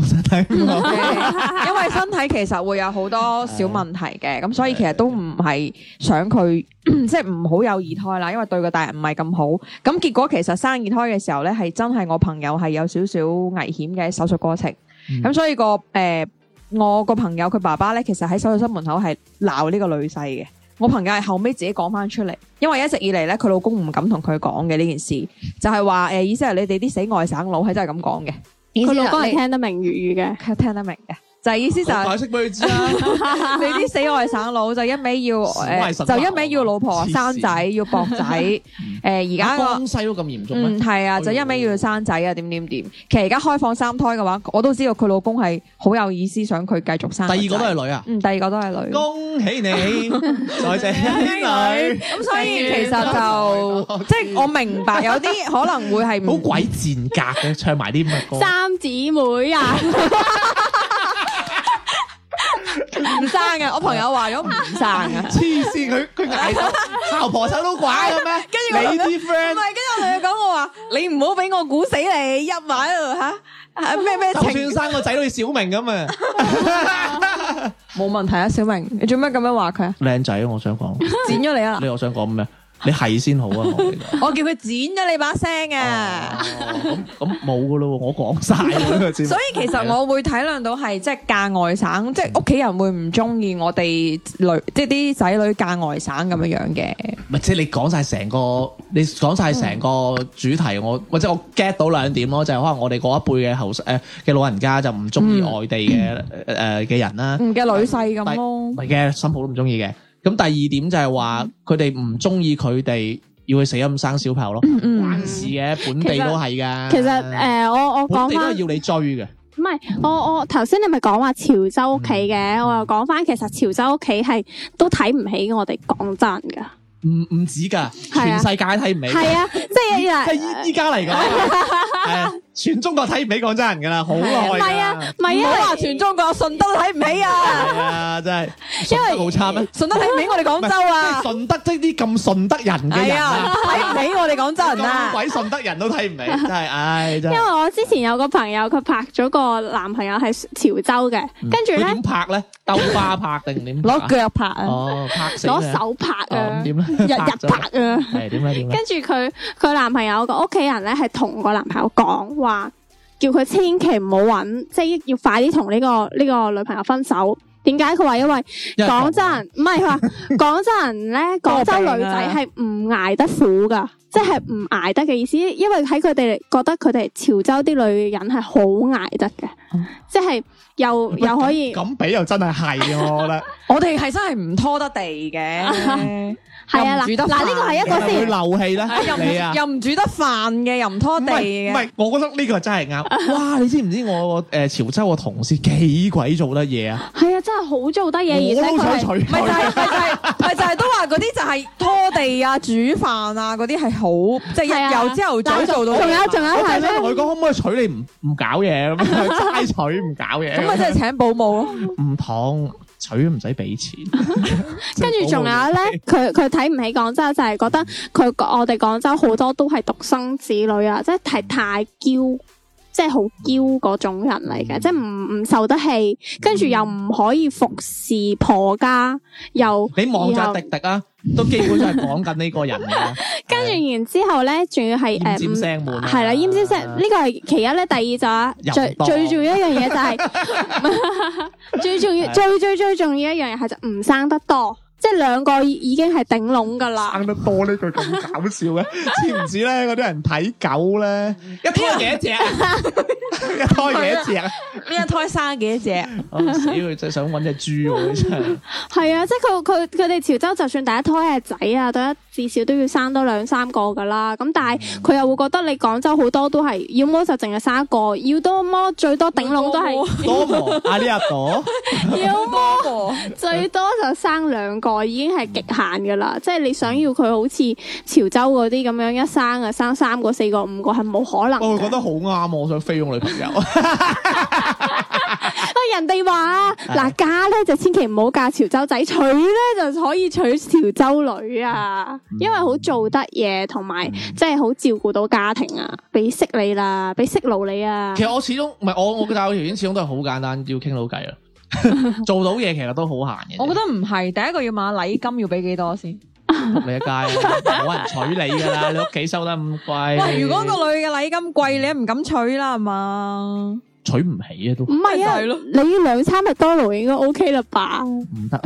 因為身體其實會有好多小問題嘅，咁 所以其實都唔係想佢即係唔好有二胎啦。因為對個大人唔係咁好。咁結果其實生二胎嘅時候咧，係真係我朋友係有少少危險嘅手術過程。咁、嗯、所以、個誒、呃，我個朋友佢爸爸咧，其實喺手術室門口係鬧呢個女婿嘅。我朋友係後尾自己講翻出嚟，因為一直以嚟咧，佢老公唔敢同佢講嘅呢件事，就係話誒，意思係你哋啲死外省佬係真係咁講嘅。佢老公係聽，聽得明粵語嘅，如如聽得明嘅。.就係意思就係解釋俾你知，你啲死外省佬就一味要誒，就一味要老婆生仔，要博仔，誒而家江西都咁嚴重，嗯係啊，就一味要生仔啊，點點點。其實而家開放三胎嘅話，我都知道佢老公係好有意思，想佢繼續生仔。第二個都係女啊，嗯，第二個都係女。恭喜你再謝一女，咁所以其實就即係我明白，有啲可能會係好鬼賤格嘅，唱埋啲咁嘅歌。三姊妹啊！唔生嘅，我朋友話咗唔生嘅，黐線佢佢捱得，姣婆手都拐咁咩？跟住 你啲 friend 唔係，跟住我同佢講， 我話你唔好俾我估死你，入埋喺度吓，咩咩、啊、 就算生個仔都似小明咁啊，冇 問題啊，小明，你做咩咁樣話佢啊？靚仔，我想講，剪咗你啦。你又想講咩？你係先好啊，哦哦！我叫佢剪咗你把聲啊。咁咁冇噶咯，我講晒。所以其實我會體諒到係即係嫁外省，即係屋企人會唔中意我哋女，即係啲仔女嫁外省咁樣樣嘅。咪即係你講晒成個，哎，你講晒成個主題，哎，我或者我 get 到兩點咯，就係、是、可能我哋嗰一輩嘅後生誒嘅老人家就唔中意外地嘅誒嘅人啦。唔嘅，嗯、女婿咁咯。唔嘅，新抱都唔中意嘅。咁第二點就係話佢哋唔中意佢哋要去死咁生，生小朋友咯，關事嘅本地都係噶。其實誒，我我講翻都係要你追嘅。唔係，我我頭先你咪講話潮州屋企嘅，嗯、我又講翻，其實潮州屋企係都睇唔起我哋講真噶。唔唔止噶，全世界睇唔起。係啊，即係依依家嚟講。全中國睇唔起廣州人㗎喇，好耐唔係啊，唔好話全中國，順德都睇唔起啊！係啊，真係順德好差咩？順德睇唔起我哋廣州啊！順德即係啲咁順德人嘅人睇唔起我哋廣州人啊！鬼順德人都睇唔起，真係唉真係。因為我之前有個朋友，佢拍咗個男朋友係潮州嘅，跟住咧點拍咧？豆花拍定點？攞腳拍啊！哦，拍死！攞手拍啊！點咧？日日拍啊！係點咧？點？跟住佢佢男朋友個屋企人咧，係同個男朋友講。話叫佢千祈唔好揾，即係要快啲同呢個呢個女朋友分手。點解佢話？因為廣州人唔係佢話廣州人咧，廣州女仔係唔捱得苦噶，即係唔捱得嘅意思。因為喺佢哋覺得佢哋潮州啲女人係好捱得嘅，即係又又可以咁比又真係係我咧。我哋係真係唔拖得地嘅，係啊，住得嗱呢個係一個先流氣啦，又唔又唔煮得飯嘅，又唔拖地嘅。唔係，我覺得呢個真係啱。哇，你知唔知我誒潮州嘅同事幾鬼做得嘢啊？係啊，真。好做得嘢，而且佢咪就係、是、咪就係、是、咪就係、是就是、都話嗰啲就係拖地啊、煮飯啊嗰啲係好，即係日由朝頭早 做到。仲有仲有一係同佢講，可唔可以娶你唔唔搞嘢咁齋娶，唔搞嘢，咁咪即係請保姆咯。唔同 娶唔使俾錢。跟住仲有咧，佢佢睇唔起廣州，就係、是、覺得佢我哋廣州好多都係獨生子女啊，即、就、係、是、太太嬌。即係好嬌嗰種人嚟嘅，即係唔唔受得氣，跟住又唔可以服侍婆家，又你望咋滴滴啊？都基本上係講緊呢個人。 跟住然之後咧，仲要係誒，係啦、嗯，奄尖聲悶，嗯、個其呢個係其一咧，第二就最、是、棗最重要一樣嘢就係、是、 最重要的 最最最重要一樣嘢係就唔生得多。即係兩個已經係頂籠噶啦，生得多呢句咁搞笑嘅？知唔知咧？嗰啲人睇狗咧，一胎幾多隻？一胎幾多隻？咩一胎生幾多隻？死佢，真係想搵隻豬喎！真係啊！即係佢佢佢哋潮州，就算第一胎係仔啊，第一至少都要生多兩三個噶啦。咁但係佢又會覺得你廣州好多都係，要麼就淨係生一個，要麼最多頂籠都係多麼啊呢阿朵，要麼最多就生兩個。已經係極限噶啦，即係你想要佢好似潮州嗰啲咁樣一生啊，生三個、四個、五個係冇可能。我會、哦、覺得好啱啊，我想飛傭女朋友。不 人哋話啊，嗱嫁咧就千祈唔好嫁潮州仔，娶咧就可以娶潮州女啊，因為好做得嘢，同埋即係好照顧到家庭啊，俾識、嗯、你啦，俾識路你啊。其實我始終唔係我，我覺得我條件始終都係好簡單，要傾到計啊。 做到嘢其實都好閒嘅，我覺得唔係，第一個要買禮金要俾幾多 先？你一家冇人，人娶你噶啦，你屋企收得咁貴。喂，如果個女嘅禮金貴，你都唔敢娶啦，係嘛？娶唔起啊都。唔係啊， 你兩餐麥當勞應該 OK 啦吧？唔得、啊，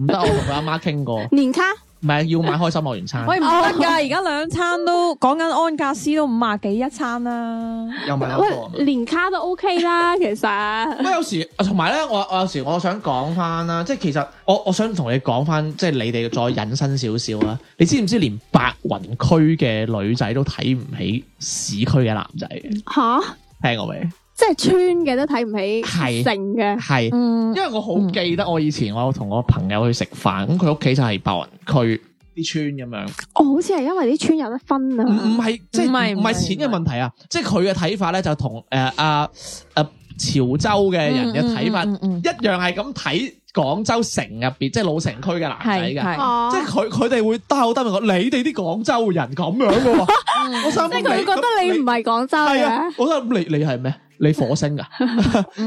唔得、啊，我同佢阿媽傾過。 年卡。唔係要買開心樂園餐，可以唔得㗎！而家兩餐都講緊安格斯都五啊幾一餐啦，有，唔有，扭過，連卡都 OK 啦，其實、啊。咁 有時同埋咧，我我有時我想講翻啦，即係其實我我想同你講翻，即係你哋再引申少少啦。你知唔知連白雲區嘅女仔都睇唔起市區嘅男仔吓？嚇哈，聽過未？即係村嘅都睇唔起城嘅。係，嗯、因為我好記得我以前我有同我朋友去食飯，咁佢屋企就係白雲區啲村咁樣。哦，好似係因為啲村有得分啊，唔係即係唔係唔係錢嘅問題啊，即係佢嘅睇法咧就同誒阿誒。是潮州嘅人嘅睇法一樣係咁睇廣州城入邊，嗯嗯、即係老城區嘅男仔㗎，即係佢佢哋會兜兜咁講，你哋啲廣州人咁樣嘅、啊、喎，即佢、嗯、覺得你唔係廣州嘅、嗯啊，我覺得你你係咩？你火星㗎，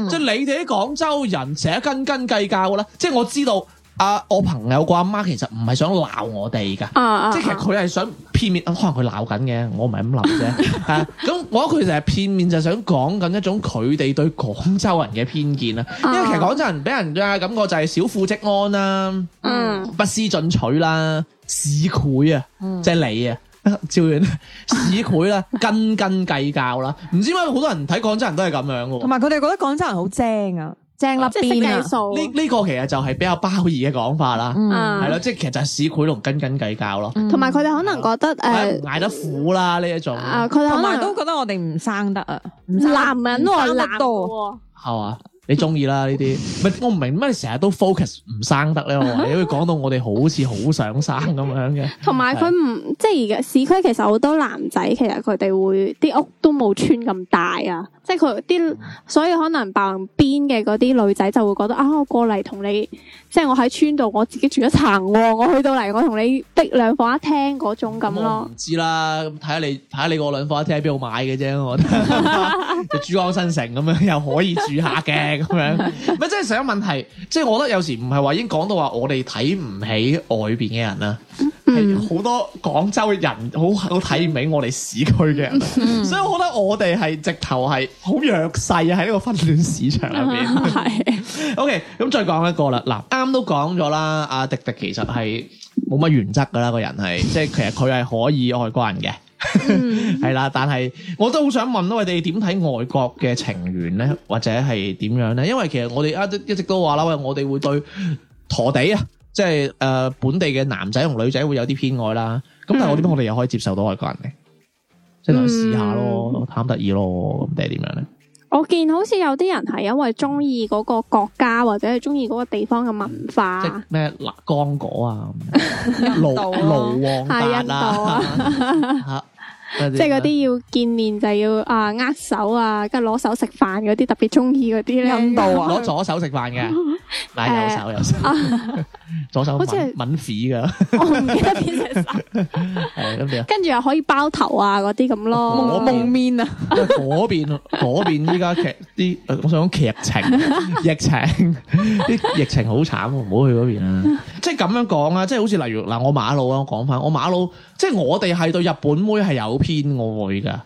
即 係 你哋啲廣州人成日斤斤計較啦，即係我知道。啊！我朋友個阿媽，媽其實唔係想鬧我哋噶，啊、即係其實佢係想片面。可能佢鬧緊嘅，我唔係咁諗啫。咁、 啊、我覺得佢成日片面，就想講緊一種佢哋對廣州人嘅偏見啦。啊、因為其實廣州人俾人嘅感覺就係小富即安啦、啊，嗯、不思進取啦，市儈啊，即係、啊嗯、你啊，照遠市儈啦，斤斤、啊、計較啦、啊。唔知點解好多人睇廣州人都係咁樣嘅。同埋佢哋覺得廣州人好精啊。正立邊呢？呢、這、呢、個這個其實就係比較包義嘅講法啦，係咯、嗯嗯，即係其實就係市儈同斤斤計較咯。同埋佢哋可能覺得誒捱得苦啦，呢一種佢哋可能、嗯、都覺得我哋唔生得啊，男人喎難多係嘛？你中意啦呢啲，唔係 我唔明乜你成日都 focus 唔生得咧，你會講到我哋好似好想生咁樣嘅。同埋佢唔即而家市區其實好多男仔，其實佢哋會啲屋都冇村咁大啊，即係佢啲所以可能傍邊嘅嗰啲女仔就會覺得啊，我過嚟同你即係我喺村度我自己住一層喎，我去到嚟我同你逼兩房一廳嗰種咁咯。唔、嗯、知啦，咁睇下你睇下你個兩房一廳喺邊度買嘅啫，我覺得就珠江新城咁樣又可以住下嘅。 咁樣，唔係即係成個問題，即係我覺得有時唔係話已經講到話我哋睇唔起外邊嘅人啦，係好、嗯、多廣州人好好睇唔起我哋市區嘅，人。嗯、所以我覺得我哋係直頭係好弱勢啊喺呢個分亂市場入邊。係、嗯、 ，OK，咁再講一個啦，嗱，啱都講咗啦，阿迪迪其實係冇乜原則噶啦，個人係，即係其實佢係可以外國嘅。係啦， 但係我都好想問咯，喂，你哋點睇外國嘅情緣咧，或者係點樣咧？因為其實我哋啊，一直都話啦，喂，我哋會對陀地啊，即係誒本地嘅男仔同女仔會有啲偏愛啦。咁但係我點解我哋又可以接受到外國人咧？即係試下咯，貪得意咯，咁定係點樣咧？我見好似有啲人係因為中意嗰個國家或者係中意嗰個地方嘅文化、嗯，咩辣江果啊，盧盧旺達啊。印 即係嗰啲要見面就要啊握手啊，跟住攞手食飯嗰啲特別中意嗰啲咧，印度啊，攞左手食飯嘅，右手右手，左手好似吻屎噶，我唔記得邊隻手。跟住又可以包頭啊嗰啲咁咯，我蒙面啊，嗰邊嗰邊依家劇啲，我想講劇情、疫情，啲疫情好慘，唔好去嗰邊啊。即係咁樣講啊，即係好似例如嗱，我馬佬啊，我講翻，我馬佬，即係我哋係對日本妹係有。偏愛噶，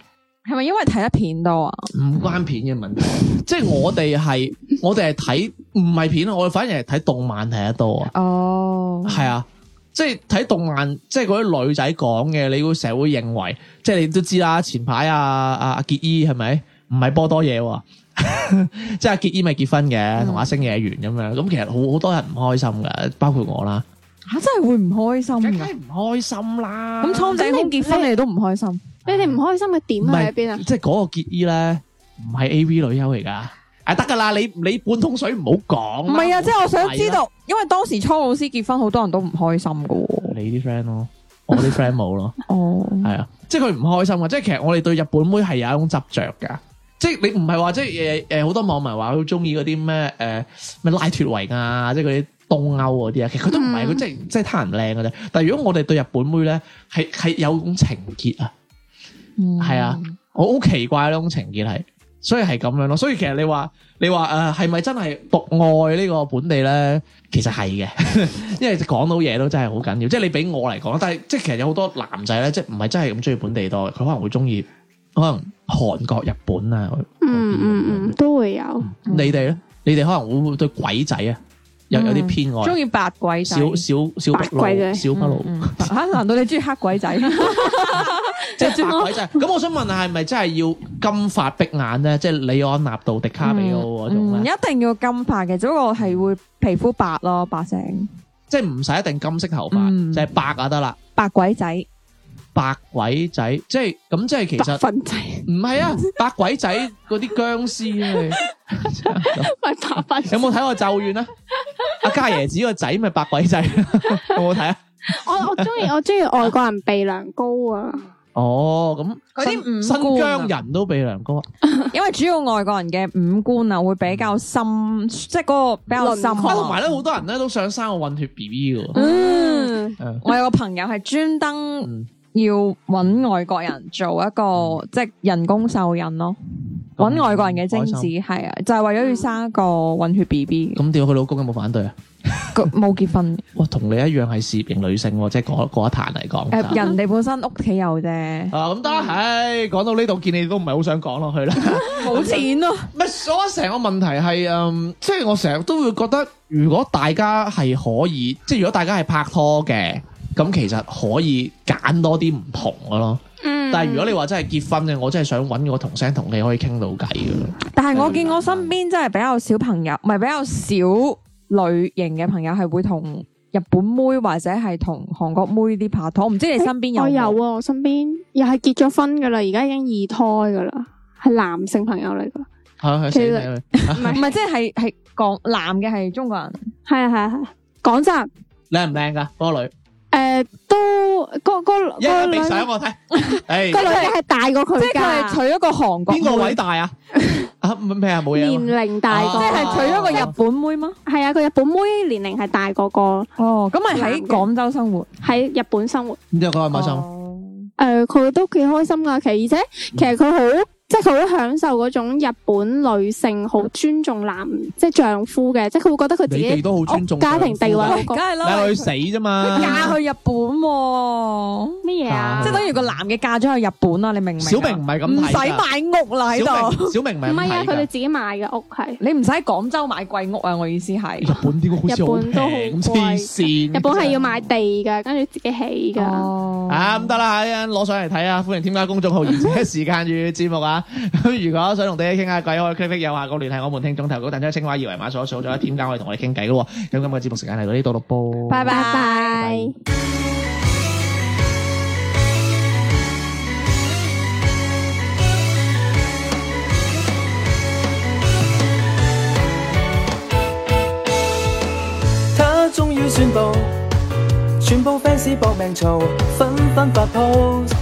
係咪因為睇得片多啊？唔關片嘅問題。 即係我哋係我哋係睇唔係片，我哋反而係睇動漫睇得多啊。哦，係啊，即係睇動漫，即係嗰啲女仔講嘅，你會成日會認為，即係你都知啦。前排阿阿阿結衣係咪？唔係波多嘢，啊， 即係阿結衣咪結婚嘅，同阿、嗯、星野源咁樣。咁其實好好多人唔開心嘅，包括我啦。吓，真係會唔開心？梗係唔開心啦。咁蒼井空結婚，你哋都唔開心？你哋唔開心嘅點喺邊啊？即係嗰個結衣咧，唔係 AV 女優嚟噶，啊得噶啦，你你半桶水唔好講。唔係啊，即係我想知道，因為當時蒼老師結婚，好多人都唔開心噶。你啲 friend 咯，我啲 friend 冇咯。哦，係啊，即係佢唔開心啊，即係其實我哋對日本妹係有一種執着噶，即係你唔係話即係誒誒，好多網民話佢好中意嗰啲咩誒咩拉脫維亞，即係嗰啲。東歐嗰啲啊，其實佢都唔係，佢即係即係他人靚嘅啫。但係如果我哋對日本妹咧，係係有種情結啊，係、嗯、啊，好奇怪呢、啊、種情結係。所以係咁樣咯。所以其實你話你話誒，係咪真係獨愛呢個本地咧？其實係嘅， 因為講到嘢都真係好緊要。即係你俾我嚟講，但係即係其實有好多男仔咧，即係唔係真係咁中意本地多嘅，佢可能會中意可能韓國、日本啊。嗯嗯嗯，嗯都會有。你哋咧？嗯、你哋可能會對鬼仔啊？又有啲偏愛，中意、嗯、白鬼仔，少少少碧佬，少碧佬。嚇？難道你中意黑鬼仔？即係 白鬼仔。咁 我想問下，係咪真係要金髮碧眼咧？即、就、係、是、李安納度、迪卡比奧嗰種唔、嗯嗯、一定要金髮嘅，只不過係會皮膚白咯，白淨，即係唔使一定金色頭髮，嗯、就係白啊得啦。白鬼仔。白鬼仔，即係咁、嗯，即係其實，唔係啊！ 白鬼仔嗰啲僵屍，咪白粉 有冇睇我咒怨啊？阿、啊、家爺子個仔咪白鬼仔， 有冇睇啊？我我中意我中意外國人鼻梁高啊！ 哦，咁嗰啲新疆人都鼻梁高。啊，因為主要外國人嘅五官啊，會比較深， 即係嗰個比較深。同埋咧，好 多人咧都想生個混血 B B 嘅。嗯，我有個朋友係專登。 嗯要揾外國人做一個即係人工受孕咯，揾外國人嘅精子係啊心，就係、是、為咗要生一個混血 B B。咁點佢老公有冇反對啊？冇 結婚。同你一樣係事業型女性，即係一談嚟講。 人哋本身屋企有啫。 啊，咁得，唉，講到呢度，見你都唔係好想講落去啦。冇 有錢咯，啊。咪，所以我成個問題係，嗯，即係我成日都會覺得，如果大家係可以，即係如果大家係拍拖嘅。咁其實可以揀多啲唔同嘅咯，嗯、但係如果你話真係結婚嘅，我真係想揾個同聲同氣可以傾到偈嘅。但係我見我身邊真係比較少朋友，唔係、嗯、比較少類型嘅朋友係會同日本妹或者係同韓國妹啲拍拖。唔知你身邊有冇？欸、有啊，我身邊又係結咗婚㗎喇，而家已經二胎㗎喇，係男性朋友嚟㗎。嚇、啊，其實唔係，唔係即係係港男嘅係中國人，係啊係啊係。講真、啊，靚唔靚㗎嗰個女？誒，都個個個女嘅係大過佢，即係佢係娶咗個韓國邊個偉大啊？啊唔係啊，冇嘢年齡大過，即係娶咗個日本妹嗎？係啊，佢日本妹年齡係大過個哦，咁咪喺廣州生活，喺日本生活。然之後佢開唔開心？誒，佢都幾開心噶，其而且其實佢好。即係佢好享受嗰種日本女性好尊重男即係丈夫嘅，即係佢會覺得佢自己屋家庭地位。梗係咯，起啫嘛，嫁去日本喎咩嘢啊？即係等於個男嘅嫁咗去日本啊！你明唔明？小明唔係咁睇，唔使買屋啦喺度。小明唔係啊，佢哋自己買嘅屋係。你唔使喺廣州買貴屋啊！我意思係日本點解好似日本都好黐線，日本係要買地嘅，跟住自己起噶。啊，咁得啦，一陣攞上嚟睇啊！歡迎添加公眾號，而且時間與節目啊！ 如果想同大家傾下偈，可以 click 右下角聯繫我們聽眾投稿，彈出青蛙二維碼掃一掃，再添加我哋同你傾偈咯。咁今日節目時間係到呢度咯噃，拜拜。拜拜。他終於宣布，全部 fans 搏命嘈，紛紛發 p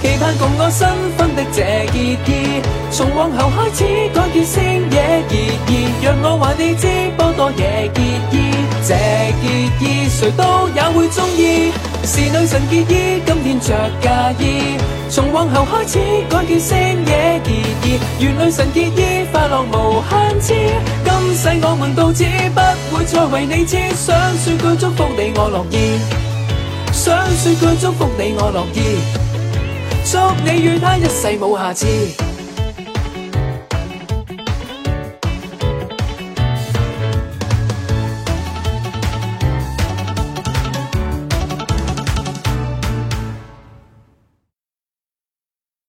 期盼共我新婚的這結衣，從往後開始改叫星野結衣。讓我話你知波多野結衣，這結衣誰都也會中意。是女神結衣，今天着嫁衣。從往後開始改叫星野結衣，願女神結衣快樂無限次。今世我們到此，不會再為你痴。想說句祝福你我樂意，想說句祝福你我樂意。祝你與他一世無下次。